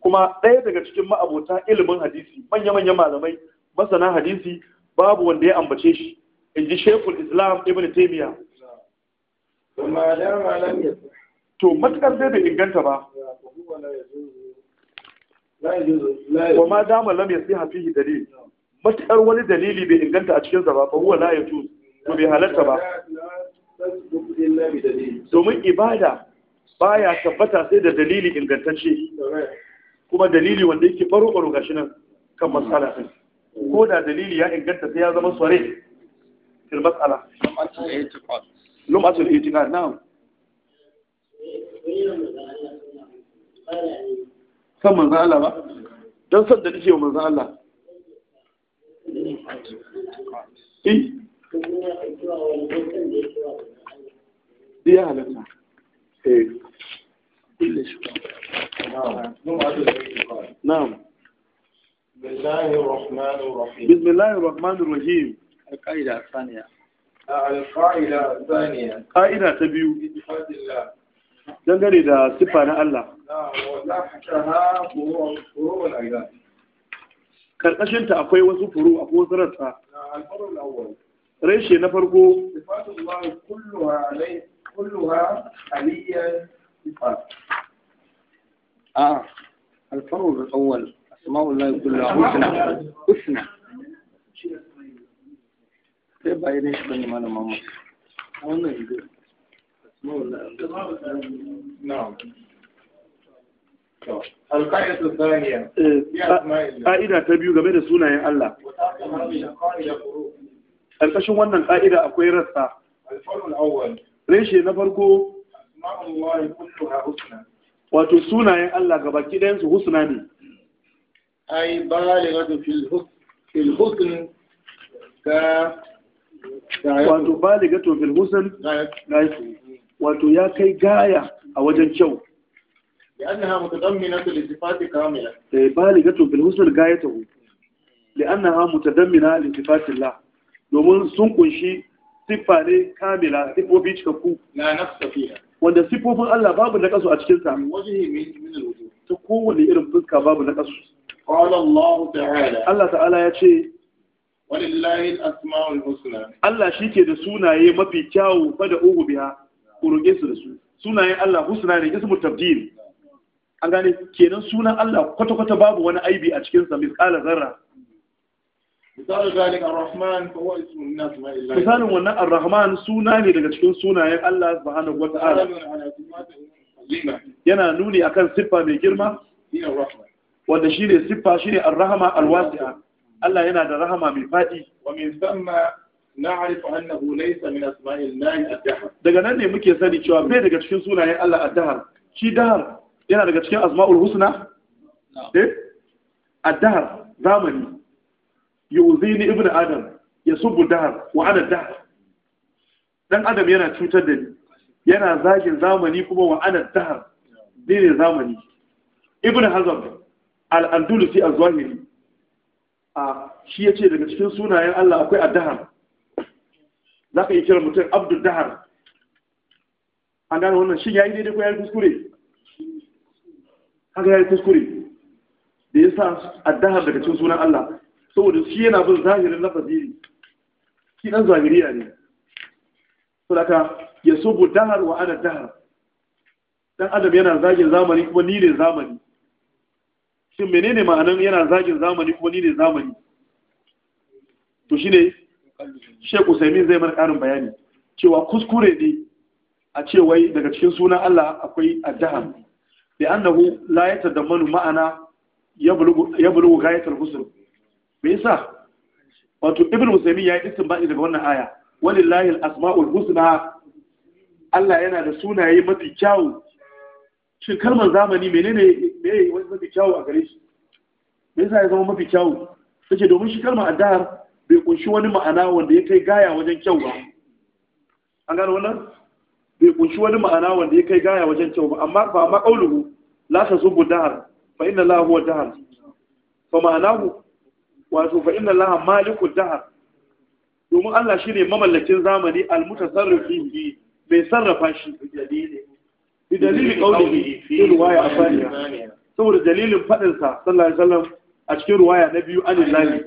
kuma ɗaya daga cikin ma'abota ilimin hadisi manya-manyan malamai masana hadisi babu wanda ya ambace shi in ji shekul islam ibn taimiyya to matukar zai bai inganta ba wa ma dama lam ya siha fihi dalil matukar wani dalili bai inganta a cikin ba fa huwa la yajuz to bai halatta ba domin ibada baya tabbata sai da dalili ingantacce kuma dalili wanda yake baro baro gashi nan kan masala din ko da dalili ya inganta sai ya zama sore fil masala lum'atul itiqad na'am kan manzo Allah ba don san da nake wa Allah eh ya halatta eh na'am بسم الله الرحمن الرحيم القاعدة الثانية القاعدة dangane da siffa na Allah. Karkashinta akwai wasu furu a wasu rarsa. Reshe na farko, كلها خلية القلب آه الفرور الأول أسماء الله يقول له حسنى حسنى كيف بايريش بني مالا ماما أنا نعم طيب. الثانية إيه، الله الفشو الأول reshe na farko wato sunayen Allah ga baki ɗayansu husna ne ay wato baligatu fil husn ga wato ya kai gaya a wajen kyau li'annaha mutadamminatu li sifati kamila ay eh, baligatu fil husn gayatuhu li'annaha mutadamminatu li sifati Allah domin sun kunshi siffa ne kamila siffofi cikakku ku? nafsa fiha wanda siffofin Allah babu na kasu a cikin sa ta kowane irin fuska babu na kasu qala Allah ta'ala Allah ta'ala ya ce walillahi al-asma'ul husna Allah shike da sunaye mafi kyawu fa da ugu biha ku roƙe su da su sunayen Allah husna ne ismu tabdil an gane kenan sunan Allah kwata-kwata babu wani aibi a cikin sa misqala zarra misalin zalika ar-rahman fa huwa ismun min asma'i Allah wannan ar-rahman suna ne daga cikin sunayen Allah subhanahu wa ta'ala yana nuni akan siffa mai girma wanda shi ne siffa shi ne ar-rahma al-wasi'a Allah yana da rahama mai fadi wa min thamma na'rifu annahu laysa min asma'i Allah ad-dahr daga nan ne muke sani cewa bai daga cikin sunayen Allah ad-dahr shi dahr yana daga cikin asma'ul husna eh ad-dahr zamani yuzini ibnu adam yasubbu dahr wa ana dahr dan adam yana cutar da ni yana zagin zamani kuma wa ana dahr ni ne zamani ibnu hazm al-andalusi az-zahiri a shi yace daga cikin sunayen Allah akwai ad-dahr zaka yi kira mutum abdu Dahar? an gane wannan shi yayi daidai ko yayi kuskure kaga yayi kuskure da yasa ad Dahar daga cikin sunan Allah saboda shi yana bin zahirin lafazi ne shi dan zahiriya ne saboda ya subu dahar wa ana dahar dan adam yana zagin zamani kuma ni ne zamani shin menene ma'anan yana zagin zamani kuma ni ne zamani to shine Sheikh Usaimin zai mana karin bayani cewa kuskure ne a ce wai daga cikin sunan Allah akwai addahar da annahu la yatadammanu ma'ana yablugu yablugu ghayatul husn me yasa wato ibnu usaymi ya yi istinbadi daga wannan aya walillahi al-asma'ul husna Allah yana da sunaye mafi kyau shin kalmar zamani menene me wani mafi kyau a gare shi me yasa ya zama mafi kyau sace domin shi kalmar addar bai kunshi wani ma'ana wanda ya kai gaya wajen kyau ba an gano wannan bai kunshi wani ma'ana wanda ya kai gaya wajen kyau ba amma ba ma kauluhu la tasubbu dahar fa inna lahu wa dahar fa ma'anahu wato fa inna laha malikul dahr domin Allah shine mamallakin zamani almutasarrifi bi mai sarrafa shi bi dalilin qaulihi fi riwaya afaniya saboda dalilin fadin sa sallallahu alaihi wasallam a cikin riwaya na biyu an lillahi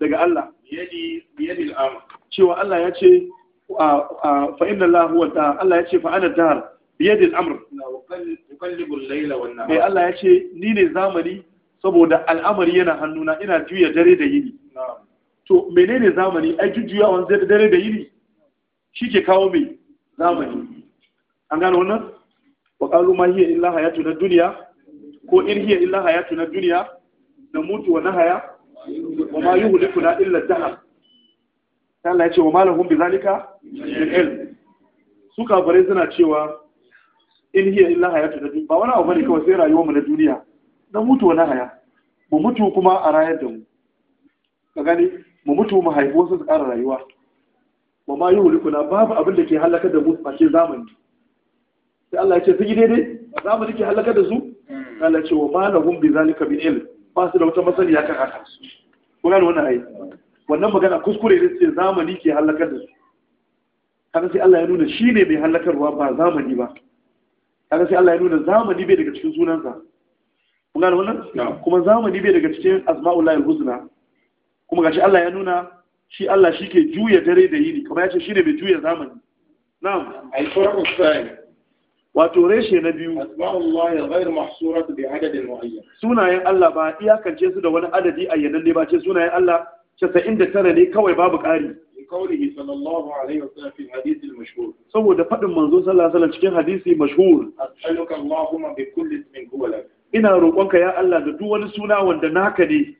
daga Allah biyadi biyadil amr cewa Allah ya ce fa inna allaha huwa dahr Allah ya ce fa ana dahr biyadil amr wa qallibu layla wan nahar eh, Allah ya ce ni ne zamani saboda al'amari yana hannuna ina juya dare da yini to menene zamani ai da dare da yini shi ke kawo mai zamani an gano wannan wa qalu ma hiya illa hayatu na duniya ko in hiya illa hayatu na duniya na mutu wa nahaya wa ma yuhlikuna illa dahar Allah ya ce wa malahum bi zalika min ilm suka kafare suna cewa in hiya illa hayatu na duniya ba wani abu ne kawai sai rayuwar mu na duniya na mutu wani haya mu mutu kuma a rayar da mu ka gani mu mutu mu haifi wasu su ƙara rayuwa wa ma yuhu likuna babu abin da ke halaka da mu a cikin zamani sai Allah ya ce su daidai a zamani ke halaka da su mm. Allah ya ce wa ma lahum bi zalika min ilm ba su da wata masaniya kan haka Ku gane wannan ai wannan magana kuskure ne sai zamani ke halaka da su kaga sai Allah ya nuna shine mai halakarwa ba zamani ba kaga sai Allah ya nuna zamani bai daga cikin sunansa kun gane wannan kuma zamani bai daga cikin asma'ullahi husna kuma gashi Allah ya nuna shi Allah shi ke juya dare da yini kuma ya ce shi ne mai juya zamani na'am ai farko sai wato reshe na biyu asma'ullahi ghayr mahsuratu bi adadin muayyan sunayen Allah ba iyakance su da wani adadi ayyanan ne ba ce sunayen Allah 99 ne kawai babu ƙari قوله صلى الله عليه وسلم في الحديث المشهور saboda fadin manzo sallallahu alaihi wasallam cikin hadisi mashhur as'aluka allahumma bi kulli ismin huwa lak ina roƙonka ya Allah da duk wani suna wanda naka ne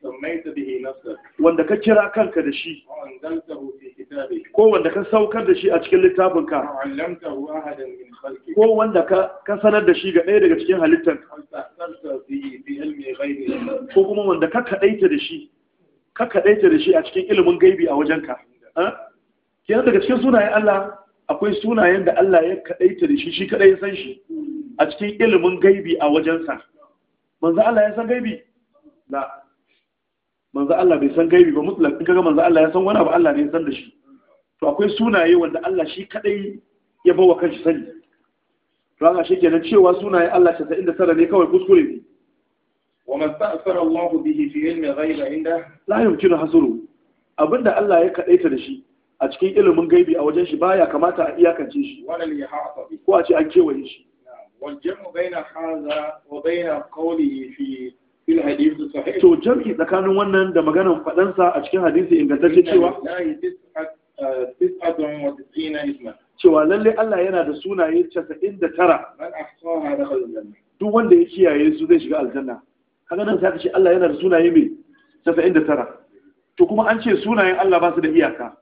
wanda ka kira kanka da shi ko wanda ka saukar da shi a cikin littafinka ko wanda ka sanar da shi ga ɗaya daga cikin halittar ko kuma wanda ka kaɗaita da shi ka kaɗaita da shi a cikin ilimin gaibi a wajenka kenan daga cikin sunayen Allah akwai sunayen da Allah ya kaɗaita da shi shi kaɗai san shi a cikin ilimin gaibi a wajensa manzo Allah ya san gaibi la manzo Allah bai san gaibi ba mutlak in kaga manzo Allah ya san wani abu Allah ne ya san da shi to akwai sunaye wanda Allah shi kadai ya bawa kanshi sani to haka shi kenan cewa sunaye Allah 99 ne kawai kuskure ne wa man ta'assara Allah bihi fi ilmi ghaiba inda la yumkinu hasuru abinda Allah ya kadaita da shi a cikin ilimin gaibi a wajen shi baya kamata a iyakance shi ko a ce an kewaye shi والجمع بين هذا وبين قوله في في الحديث الصحيح تو جمع tsakanin wannan da maganar fadansa a cikin hadisi ingantacce cewa eh, cewa lalle Allah yana da sunaye 99 duk wanda ya kiyaye su zai shiga aljanna kaga nan sai ce Allah yana da sunaye mai 99 to kuma an ce sunayen Allah ba su da iyaka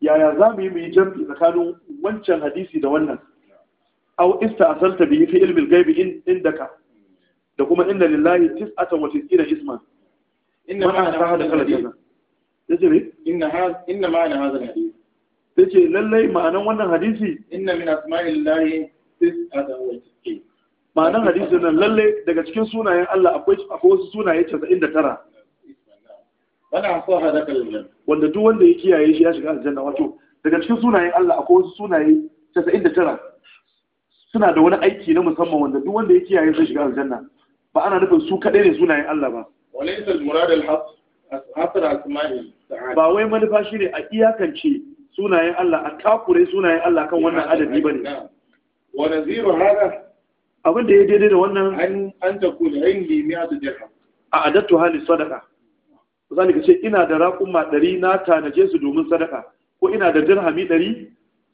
yaya za mu yi mu yi jam'i tsakanin wancan hadisi da wannan aw ista'salta bihi fi ilmi al-ghaibi indaka da kuma inna lillahi tis'atan wa tis'ina isman inna ma'ana hadha al-hadith yace ne inna hadha inna ma'ana hadha al-hadith yace lallai ma'anan wannan hadisi inna min asma'illahi tis'atan wa tis'in ma'anan hadisin nan lallai daga cikin sunayen Allah akwai wasu sunaye 99 wala akwai hadaka al-jannah wanda duk wanda ya kiyaye shi ya shiga aljanna wato daga cikin sunayen Allah akwai wasu sunaye 99 suna da wani aiki na musamman wanda duk wanda ya kiyaye zai shiga aljanna ba ana nufin su kaɗai ne sunayen Allah ba ba wai manufa ne a iyakance sunayen Allah a kakure sunayen Allah kan wannan adadi ba ne. naziru hada abin da ya daidai da wannan an an yin limiya da dirham a adattu hali sadaqa ka ce ina da raƙumma ɗari na tanaje su domin sadaka ko ina da dirhami ɗari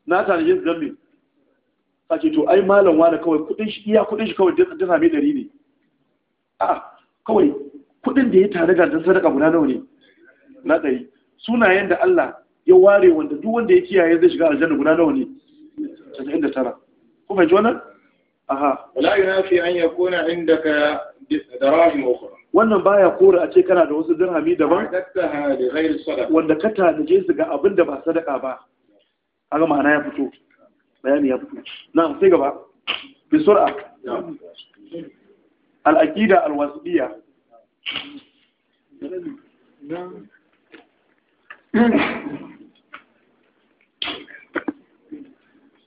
na tanaje su don sace to ai malam wane kawai kudin shi iya kudin shi kawai da sami dari ne a kawai kudin da ya tare ga dan sadaka guda nawa ne na dari sunayen da Allah ya ware wanda duk wanda ya kiyaye zai shiga aljanna guda nawa ne 99 ko bai wannan aha wala fi an yakuna indaka darahim ukhra wannan baya kora a ce kana da wasu dirhami daban wanda ka tanaje su ga abin da ba sadaka ba kaga ma'ana ya fito bayani ya fito na sai gaba بسم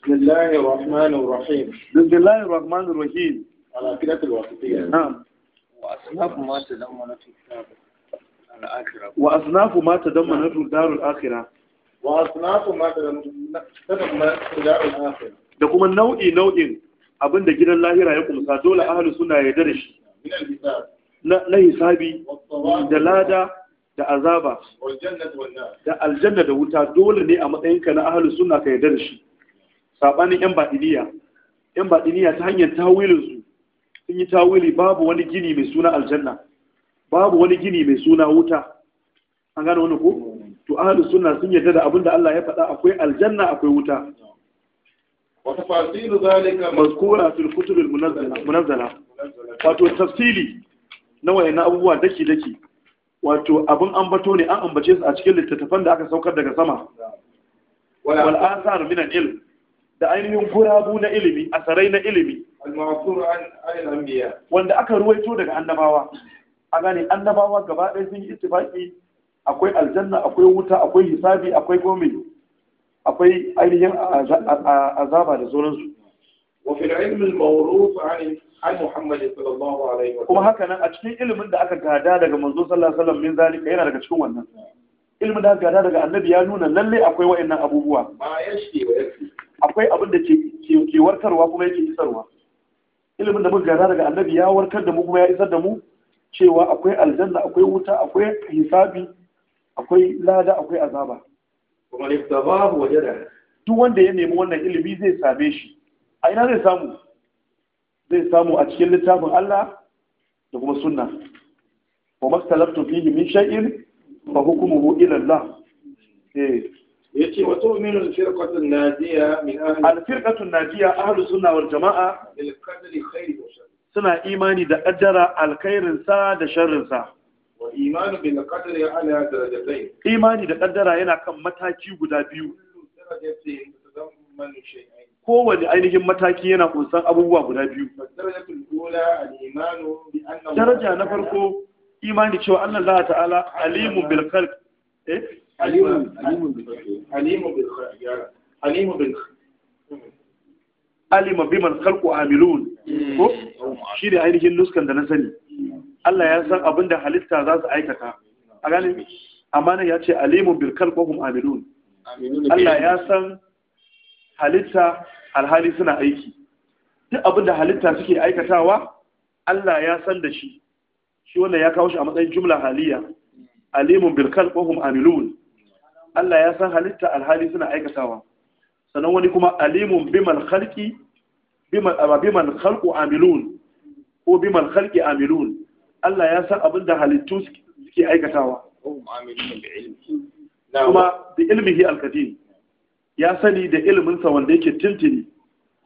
الله الرحمن الرحيم بسم الله الرحمن الرحيم على كده نعم وأصناف ما تضمنته الدار الآخرة وأصناف ما في الدار الآخرة ma da kuma nau'i nau'in abinda gidan lahira ya kumsa dole ahalu suna ya dare shi na hisabi da lada da azaba da aljanna da wuta dole ne a matsayinka na ahalu suna ka ya dare shi sabanin yan baɗiniya yan baɗiniya ta hanyar tawilinsu sun yi tawili babu wani gini mai suna aljanna babu wani gini mai suna wuta an gane wani ko to ahlus sunna sun yarda da abinda Allah ya faɗa akwai aljanna akwai wuta wa tafasilu zalika mazkura fil kutub al munazzala wato tafsili na abubuwa daki daki wato abin ambato ne an ambace su a cikin littattafan da aka saukar daga sama wal asar min da ainihin gurabu na ilimi asarai na ilimi wanda aka ruwaito daga annabawa a gane annabawa gaba ɗaya sun yi ittifaqi akwai aljanna akwai wuta akwai hisabi akwai gomi akwai ainihin azaba da sauransu kuma haka nan a cikin ilimin da aka gada daga manzo sallallahu alaihi wasallam min zalika yana daga cikin wannan ilimin da aka gada daga annabi ya nuna lalle akwai wa'annan abubuwa akwai abin da ke ke warkarwa kuma yake isarwa ilimin da muka gada daga annabi ya warkar da mu kuma ya isar da mu cewa akwai aljanna akwai wuta akwai hisabi akwai lada akwai azaba kuma littafahu wajada duk wanda ya nemi wannan ilimi zai same shi a ina zai samu zai samu a cikin littafin Allah da kuma sunna wa maktalaftu fihi min shay'in fa hukmuhu ila Allah eh yace wa tu'minu al-firqatu an-najiya min ahli al-firqatu an-najiya ahli sunna wal jama'a bil qadri khairi wa sharri suna imani da qaddara alkhairin sa da sharrin sa imani bil qadari ala darajatayn imani da kaddara yana kan mataki guda biyu kowane ainihin mataki yana kunsan abubuwa guda biyu daraja na farko imani cewa Allah Allah ta'ala Alimu bil khalq eh alimun alimun bil khalq bil amilun eh, ko shi ne ainihin nuskan da na sani hmm. Allah ya san abin da halitta za su aikata a gane amma nan ya ce alimun birkan kohun amilun Allah ya san halitta alhali suna aiki duk abin da halitta suke aikatawa Allah ya san da shi shi wannan ya kawo shi a matsayin jumla haliya alimun birkan kohun amilun Allah ya san halitta alhali suna aikatawa sannan wani kuma alimun bimal khalqi bimal bimal amilun ko bimal khalqi amilun Allah ya san abin da halittu suke aikatawa kuma da ilmihi alkadim ya sani da ilminsa wanda yake tintini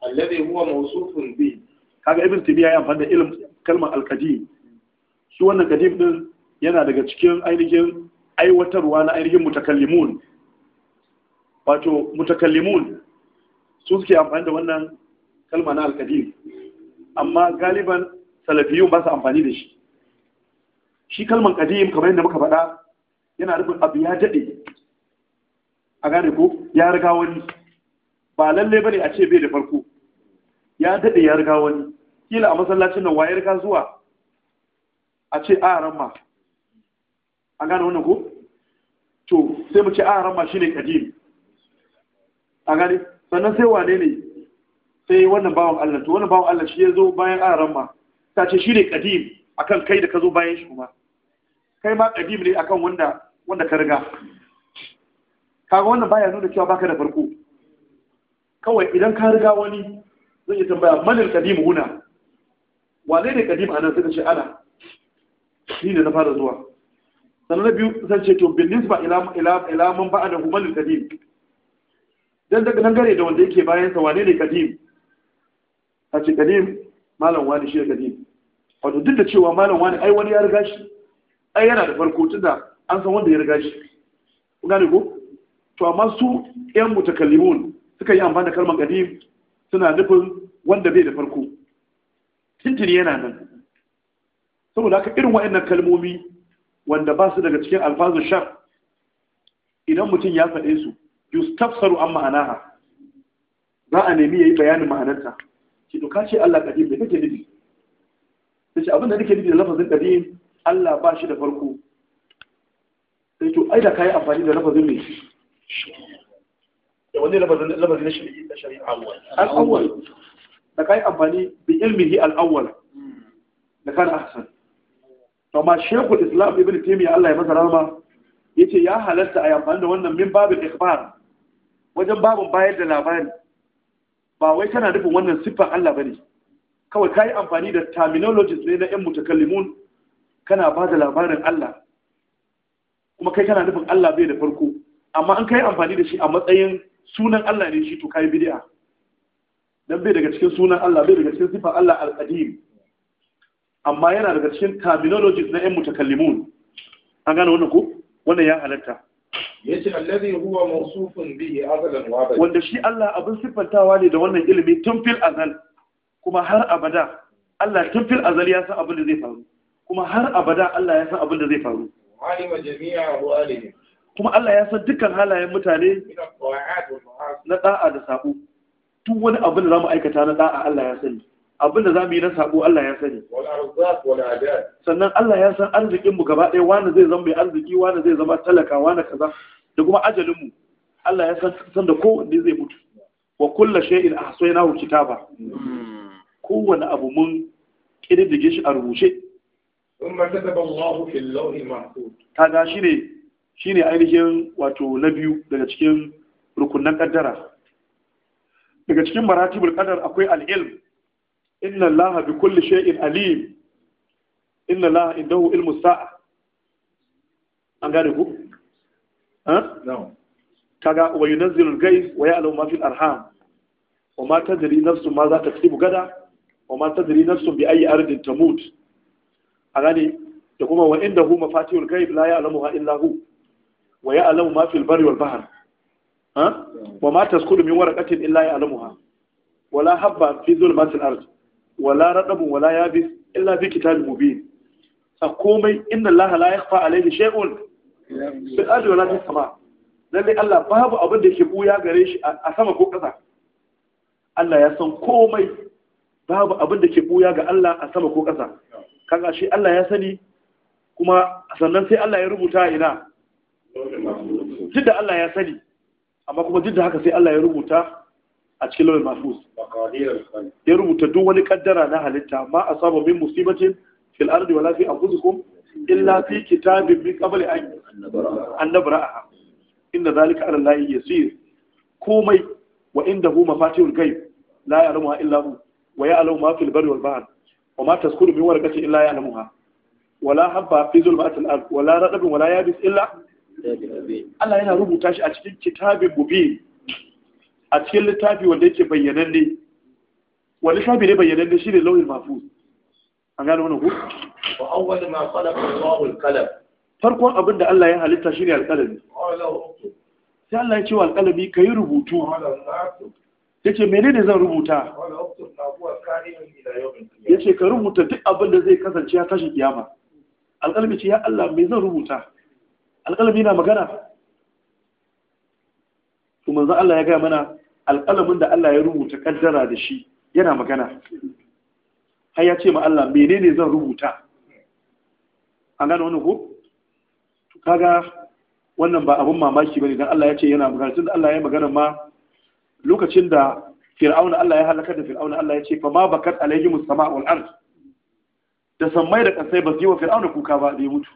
alladhi huwa mawsufun bi kaga ibn tibiya ya amfani da ilm kalmar alkadim shi wannan kadim din yana daga cikin ainihin aiwatarwa na ainihin mutakallimun wato mutakallimun su suke amfani da wannan kalma na alkadim amma galiban salafiyun ba su amfani da shi shi kalman kadim kamar yadda muka faɗa yana rubin abu ya daɗe. a gane ko ya riga wani ba lalle bane a ce bai da farko ya daɗe, ya riga wani kila a masallacin nan waye riga zuwa a ce a ramma a gane wannan ko to sai mu ce a ramma shine kadim a gane sannan sai wane ne sai wannan bawan Allah to wannan bawan Allah shi ya zo bayan a ramma ta ce shine kadim akan kai da ka zo bayan shi kuma kai ma qadim ne akan wanda wanda ka riga kaga wannan baya nuna cewa baka da farko kawai idan ka riga wani zai yi tambaya manil qadim huna wane ne qadim anan suka ce ana ni ne na fara zuwa sannan na biyu zan ce to bin nisba ila ila ila man ba'da humal dan daga nan gare da wanda yake bayan sa wane ne qadim a ce qadim malam wani shi qadim wato duk da cewa malam wani ai wani ya riga shi ai yana da farko tunda an san wanda ya riga shi Kuna gane ko to amma su yan mutakallimun suka yi amfani da kalmar qadim suna nufin wanda bai da farko tintini yana nan saboda haka irin wa'annan kalmomi wanda ba su daga cikin alfazun shar idan mutum ya faɗe su yustafsaru an ma'anaha za a nemi yayi bayanin ma'anarta ki doka ce Allah qadim da kake nufi sai abin da nake nufi da lafazin qadim Allah ba shi da farko sai to ai da kayi amfani da lafazin mai da wani lafazin na shari'a al'awwal da kayi amfani da ilmihi al'awwal da kan ahsan to ma shekul islam ibn taymiya Allah ya masa rahama yace ya halatta a amfani da wannan min babin ikhbar wajen babin bayar da labari ba wai tana nufin wannan siffar Allah bane kawai kayi amfani da terminologies ne na ƴan mutakallimun kana ba da labarin Allah kuma kai kana nufin Allah bai da farko amma an kai amfani da shi a matsayin sunan Allah ne shi to kai bid'a dan bai daga cikin sunan Allah bai daga cikin sifar Allah al-qadim amma yana daga cikin terminologies na 'yan mutakallimun an gane wannan ko wannan ya halatta yace allazi huwa mawsufun bihi azalan wa abada wanda shi Allah abin sifantawa ne da wannan ilimi tun fil azal kuma har abada Allah tun fil azal ya san abin da zai faru kuma har abada Allah ya san abin da zai faru kuma Allah ya san dukkan halayen mutane na da'a da saƙo tun wani abin da za mu aikata na da'a Allah ya sani abin da mu yi na saƙo Allah ya sani sannan Allah ya san arzikin mu gaba ɗaya wani zai zama mai arziki wani zai zama talaka wani kaza da kuma ajalin mu Allah ya san san da kowanne zai mutu wa kullu shay'in ahsaynahu kitaba hmm. kowanne abu mun kididdige shi a rubuce ثم كتب الله في اللوح المحفوظ kaga shine shine ainihin wato na biyu daga cikin rukunan kaddara daga cikin maratibul qadar akwai al-ilm inna Allah bi kulli shay'in alim inna Allah indahu ilmu sa'a an gane ku ha na'am kaga wa yunazzilul gais wa ya'lamu ma fil arham wa ma tadri nafsun ma za ta tsibu gada wa ma tadri nafsun bi ayi ardin tamut a gane da kuma wa inda hu mafatihul ghaib la ya ya'lamuha illa hu wa ya'lamu ma fil barri wal bahr ha wa ma tasqutu min waraqatin illa ya ya'lamuha wa la habba fi dhulmatil ard wa la raqabun wa la yabis illa fi kitabin mubin a komai inna allaha la yakhfa alayhi shay'un fil ardi wa la fis sama lalle Allah babu abin da yake buya gare shi a sama ko ƙasa Allah ya san komai babu abin da ke buya ga Allah a sama ko ƙasa kaga shi Allah ya sani kuma sannan sai Allah ya rubuta ina duk da Allah ya sani amma kuma duk da haka sai Allah ya rubuta a cikin lawal mafus ya rubuta duk wani kaddara na halitta ma a saba min musibatin fil ardi wala fi anfusikum illa fi kitabin min qabli an nabra'aha inna zalika ala allahi yasir komai wa indahu mafatihul ghaib la ya'lamuha illa hu wa ya'lamu ma fil barri wal bahr وما تذكر من min warqatin illa ولا wala habba fi zulmatil ولا wala ولا wala yabis illa Allah yana rubuta shi a cikin kitabin mubin a cikin littafi wanda yake bayyananne wa littafi ne bayyananne ne lauhin mahfuz an gano wannan ku wa awwal ma Allahu farkon abin Allah ya halitta shine al-qalami sai Allah ya ce wa al-qalami kai rubutu menene zan rubuta ya ce ka rubuta duk abin da zai kasance ya tashi kiyama alƙalami ce ya Allah me zan rubuta alƙalami na magana to manzo Allah ya gaya mana alƙalamin da Allah ya rubuta kaddara da shi yana magana har ya ce ma Allah menene zan rubuta an gano wani ko to kaga wannan ba abun mamaki bane dan Allah ya ce yana magana tunda Allah ya magana ma lokacin da fir'auna Allah ya halaka da fir'auna Allah ya ce fa ma bakat alayhi musama wal ard da sammai da kasai ba su yi wa fir'auna kuka ba da ya mutu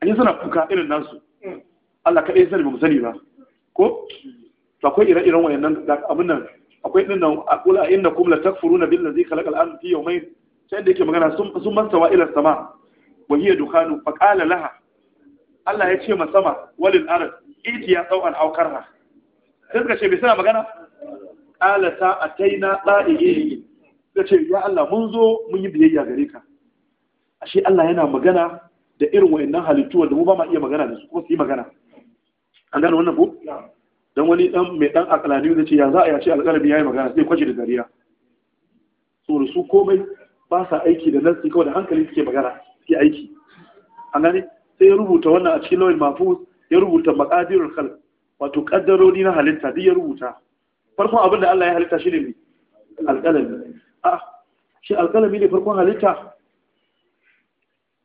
an yi suna kuka irin nasu Allah kaɗai sani ba mu sani ba ko to akwai ire-iren wayannan abin nan akwai din nan aqula inna kum la takfuruna billazi khalaqa al-ardha fi yawmayn sai da yake magana sun sun mastawa ila sama wa hiya dukhanu fa qala laha Allah ya ce ma sama walil ard itiya tsawan aw karha sai suka ce bai sana magana qalata ataina yi. ta ce ya Allah mun zo mun yi biyayya gare ka ashe Allah yana magana da irin wayannan halittu wanda mu ba ma iya magana da su kuma su yi magana an gani wannan ko dan wani dan mai dan akalani zai ce ya za a yace ya yayi magana sai kwace da dariya so su komai ba sa aiki da nasi kawai da hankali suke magana suke aiki an gane sai ya rubuta wannan a cikin lawal mafus ya rubuta maqadirul khalq wato kaddarori na halitta duk ya rubuta farkon abin da Allah ya halitta shi ne mai alƙalami a ah, shi alƙalami ne farkon halitta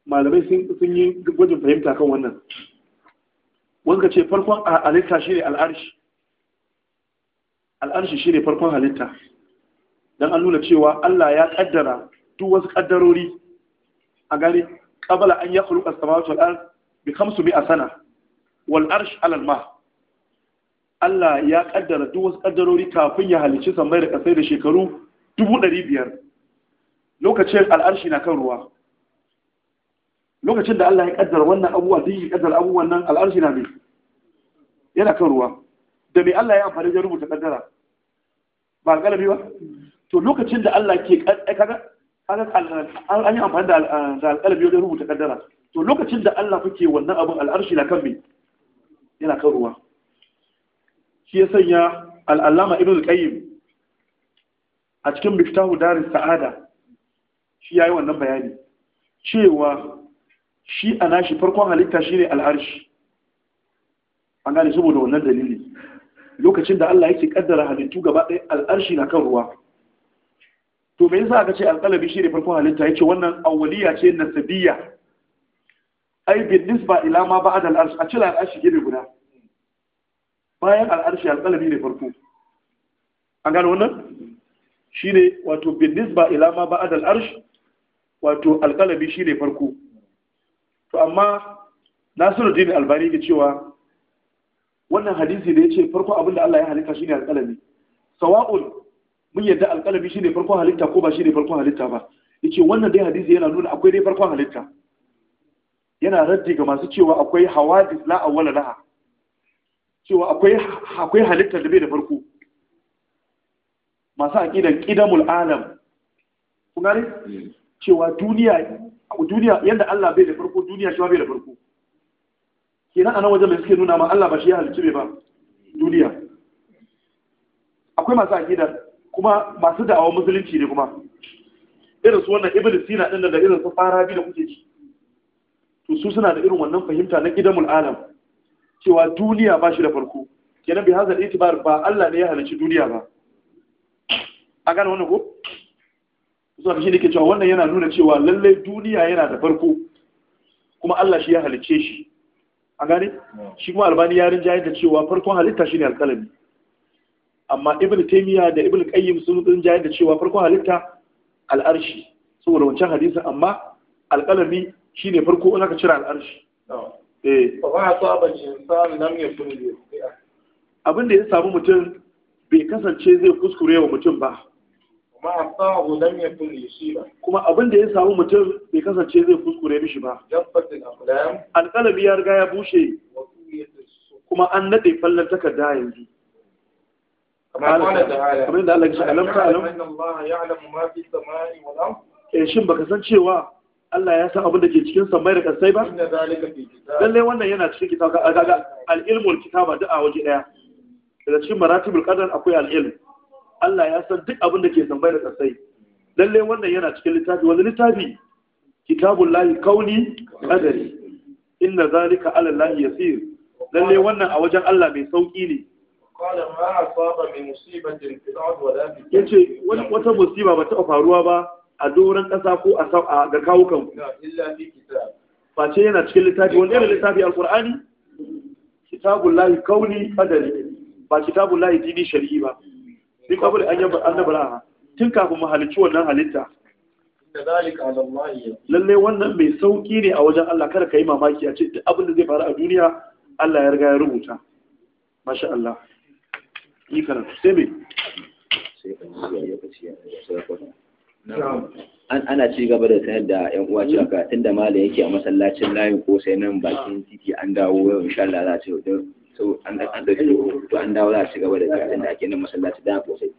malamai sun yi gwajin fahimta kan wannan wanka ce farkon halitta shi ne al'arshi al'arshi shi ne farkon halitta don an nuna cewa Allah ya ƙaddara duk wasu ƙaddarori a gane ƙabala an ya kuluka samawacin al'ar bi kamsu bi a sana wal arsh alal ma Allah ya kaddara duk wasu kaddarori kafin ya halicci sammai da kasai da shekaru dubu ɗari biyar lokacin al'arshi na kan ruwa lokacin da Allah ya kaddara wannan abuwa duk ya kaddara abubuwan nan al'arshi na mai yana kan ruwa da mai Allah ya amfani da rubuta kaddara ba galabi ba to lokacin da Allah ke eh, kaga an yi amfani da alƙalabi wajen rubuta kaddara to lokacin da Allah kuke wannan abin al'arshi na kan mai yana kan ruwa shi ya sanya al'allama irin al a cikin miftahu darin sa'ada shi ya yi wannan bayani cewa shi a nashi farkon halitta shine al'arshi an gane saboda wannan dalili lokacin da Allah yake kaddara halittu gaba ɗaya al'arshi na kan ruwa to me yasa aka ce alƙalabi shine farkon halitta yace wannan awwaliya ce nasabiyya ai bin nisba ila ma ba'da al'arsh a cila al'arshi gebe guda bayan al'arshi alƙalami ne farko an gano wannan shi ne wato bindis ba ilama ba adal arsh wato alƙalami ne farko to amma Nasiruddin Albani ke cewa wannan hadisi da ce farko abinda Allah ya halitta shine alƙalami sawa'ul mun yadda alƙalami ne farkon halitta ko ba shi ne farkon halitta ba ya ce wannan dai hadisi yana nuna akwai dai farkon halitta yana raddi ga masu cewa akwai hawadis la awwala laha cewa akwai halittar da bai da farko masu aƙidan ƙidamul alam kuma ne cewa duniya yadda Allah bai da farko duniya shi bai da farko Ke nan anan wajen da suke nuna ma Allah ba shi ya halicci bai ba duniya akwai masu aƙidan kuma masu da'awa musulunci ne kuma irin su wannan ibn sina ɗin da irin su bi da kuke ci su suna da irin wannan fahimta na ƙidamul alam cewa duniya ba shi da farko kenan bai hazar itibar ba Allah ne ya halarci duniya ba a gane wannan ko zuwa shi ke cewa wannan yana nuna cewa lallai duniya yana da farko kuma Allah shi ya halicce shi a gane shi kuma albani yarin jayi da cewa farkon halitta shine alkalami amma ibn Taimiyya da ibn qayyim sun jayi da cewa farkon halitta al'arshi saboda wancan hadisa amma alkalami shine farko ina aka cira al'arshi Eh. abin da ya samu mutum bai kasance zai kuskure wa mutum ba kuma abin da ya samu mutum bai kasance zai kuskure mishi ba jabbatul ya riga ya bushe kuma an nade fallon takarda yanzu kamar da Allah ya shi alam alam eh, shin baka san cewa Allah ya san abin da ke cikin sammai da kasai ba? Lalle wannan yana cikin kitab ga gaga al-ilmul kitaba duk a waje daya. Daga cikin maratibul qadar akwai al-ilm. Allah ya san duk abin da ke sammai da kasai. Lalle wannan yana cikin littafi wani littafi kitabul lahi kauni qadari. Inna zalika ala lahi yasir. Lalle wannan a wajen Allah mai sauki ne. Yace wata musiba ba ta faruwa ba a doron ƙasa ko a ga kawukan ce yana cikin littafi wanda yana littafi alkur'ani kitabun lahi kauni kadari ba kitabun lahi dini shari'i ba duk kabul an yabar ha tun kafin mu halicci wannan halitta lallai wannan mai sauƙi ne a wajen Allah kada ka yi mamaki a ce abin da zai faru a duniya Allah ya riga ya rubuta masha Allah yi karatu sai me sai ka yi ya ya ana ci gaba da sanar da yan uwa cewa ga tunda malam yake a masallacin layin ko sai nan bakin titi an dawo yau insha Allah za a ce to an an da to an dawo za a ci gaba da karatun da ake nan masallaci da ko sai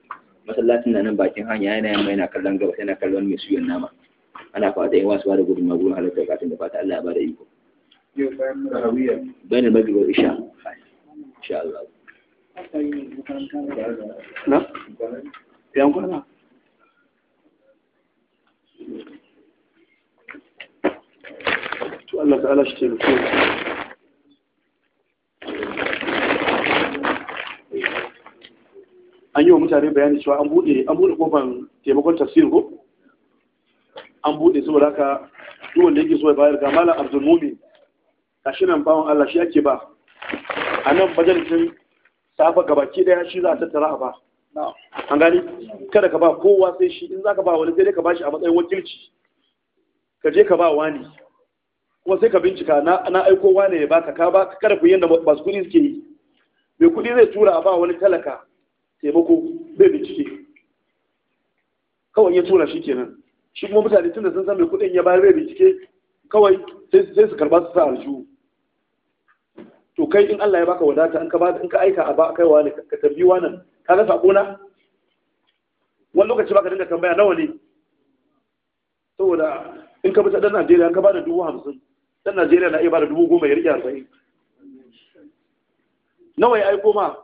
masallacin nan nan bakin hanya yana yamma yana kallon gaba yana kallon mai suyan nama ana fata yan wasu ba da gudun magurin halatta karatun da fata Allah ya bada iko bayan magribi isha insha Allah na yan kwana to Allah ta'ala shi an yi wa mutane bayani cewa an buɗe an buɗe kofan taimakon tafsir ko an buɗe saboda haka duk wanda yake so ya bayar ga malam Abdul Mumin gashi nan bawon Allah shi ake ba a nan majalisin safa gabaki daya shi za a tattara a ba an gani kada ka ba kowa sai shi in za ka ba wani sai dai ka ba shi a matsayin wakilci ka je ka ba wani kuma sai ka bincika na na aiko wane ya baka ka ba kada ku yanda ba su kuɗi suke yi mai kuɗi zai tura a ba wani talaka taimako bai bincike kawai ya tura shi kenan shi kuma mutane tunda sun san mai kuɗin ya bayar bai bincike kawai sai su karɓa su sa aljihu to kai in Allah ya baka wadata in ka ba in ka aika a ba kai wani ka tambi wannan ka ga sako na wani lokaci baka dinga tambaya nawa ne saboda in ka bi ta dan Najeriya ka ba da dubu hamsin dan Najeriya na iya ba da dubu goma ya riƙe arba'in nawa ya aiko ma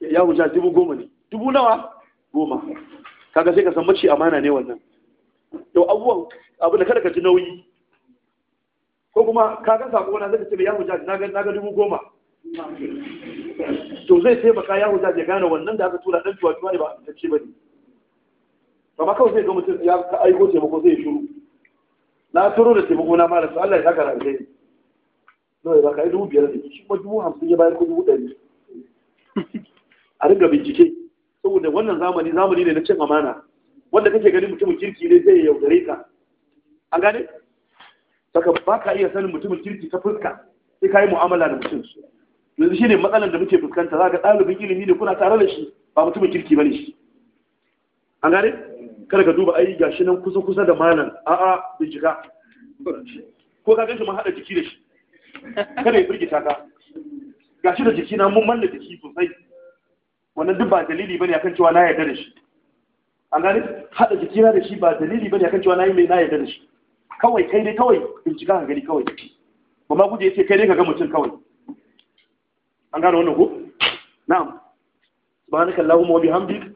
ya wuce dubu goma ne dubu nawa goma kaga sai ka san mace amana ne wannan yau abubuwan abu da kada ka ji nauyi ko kuma ka ga sako na zaka ce ya wuce na ga na ga dubu goma to zai taimaka ya wuce ya gane wannan da aka tura dan tuwa tuwa ne ba a ce ba ne amma kawai sai ga mutum ya aiko taimako zai shiru na turo da taimako na mara su Allah ya saka ranta ne no ba ka yi dubu biyar da shi kuma dubu hamsin ya bayar ko dubu ɗari a ringa bincike saboda wannan zamani zamani ne na cin amana wanda kake gani mutumin kirki ne zai yaudare ka an gane saka ba ka iya sanin mutumin kirki ta fuska sai ka yi mu'amala da mutum yanzu shi ne matsalar da muke fuskanta za ka ɗalibin ilimi ne kuna tare da shi ba mutumin kirki ba ne shi an gane kada ka duba ai gashi nan kusa kusa da malam a'a bincika ko ka ganshi mun hada jiki da shi kada ya firgita ka gashi da jiki na mun manna jiki sosai wannan duk ba dalili bane akan cewa na yarda da shi an gane hada jiki na da shi ba dalili bane akan cewa na yi mai na yarda da shi kawai kai ne kawai bincika ka gani kawai ba ma guje yace kai ne ka ga mutum kawai an gane wannan ko na'am subhanakallahumma wa bihamdika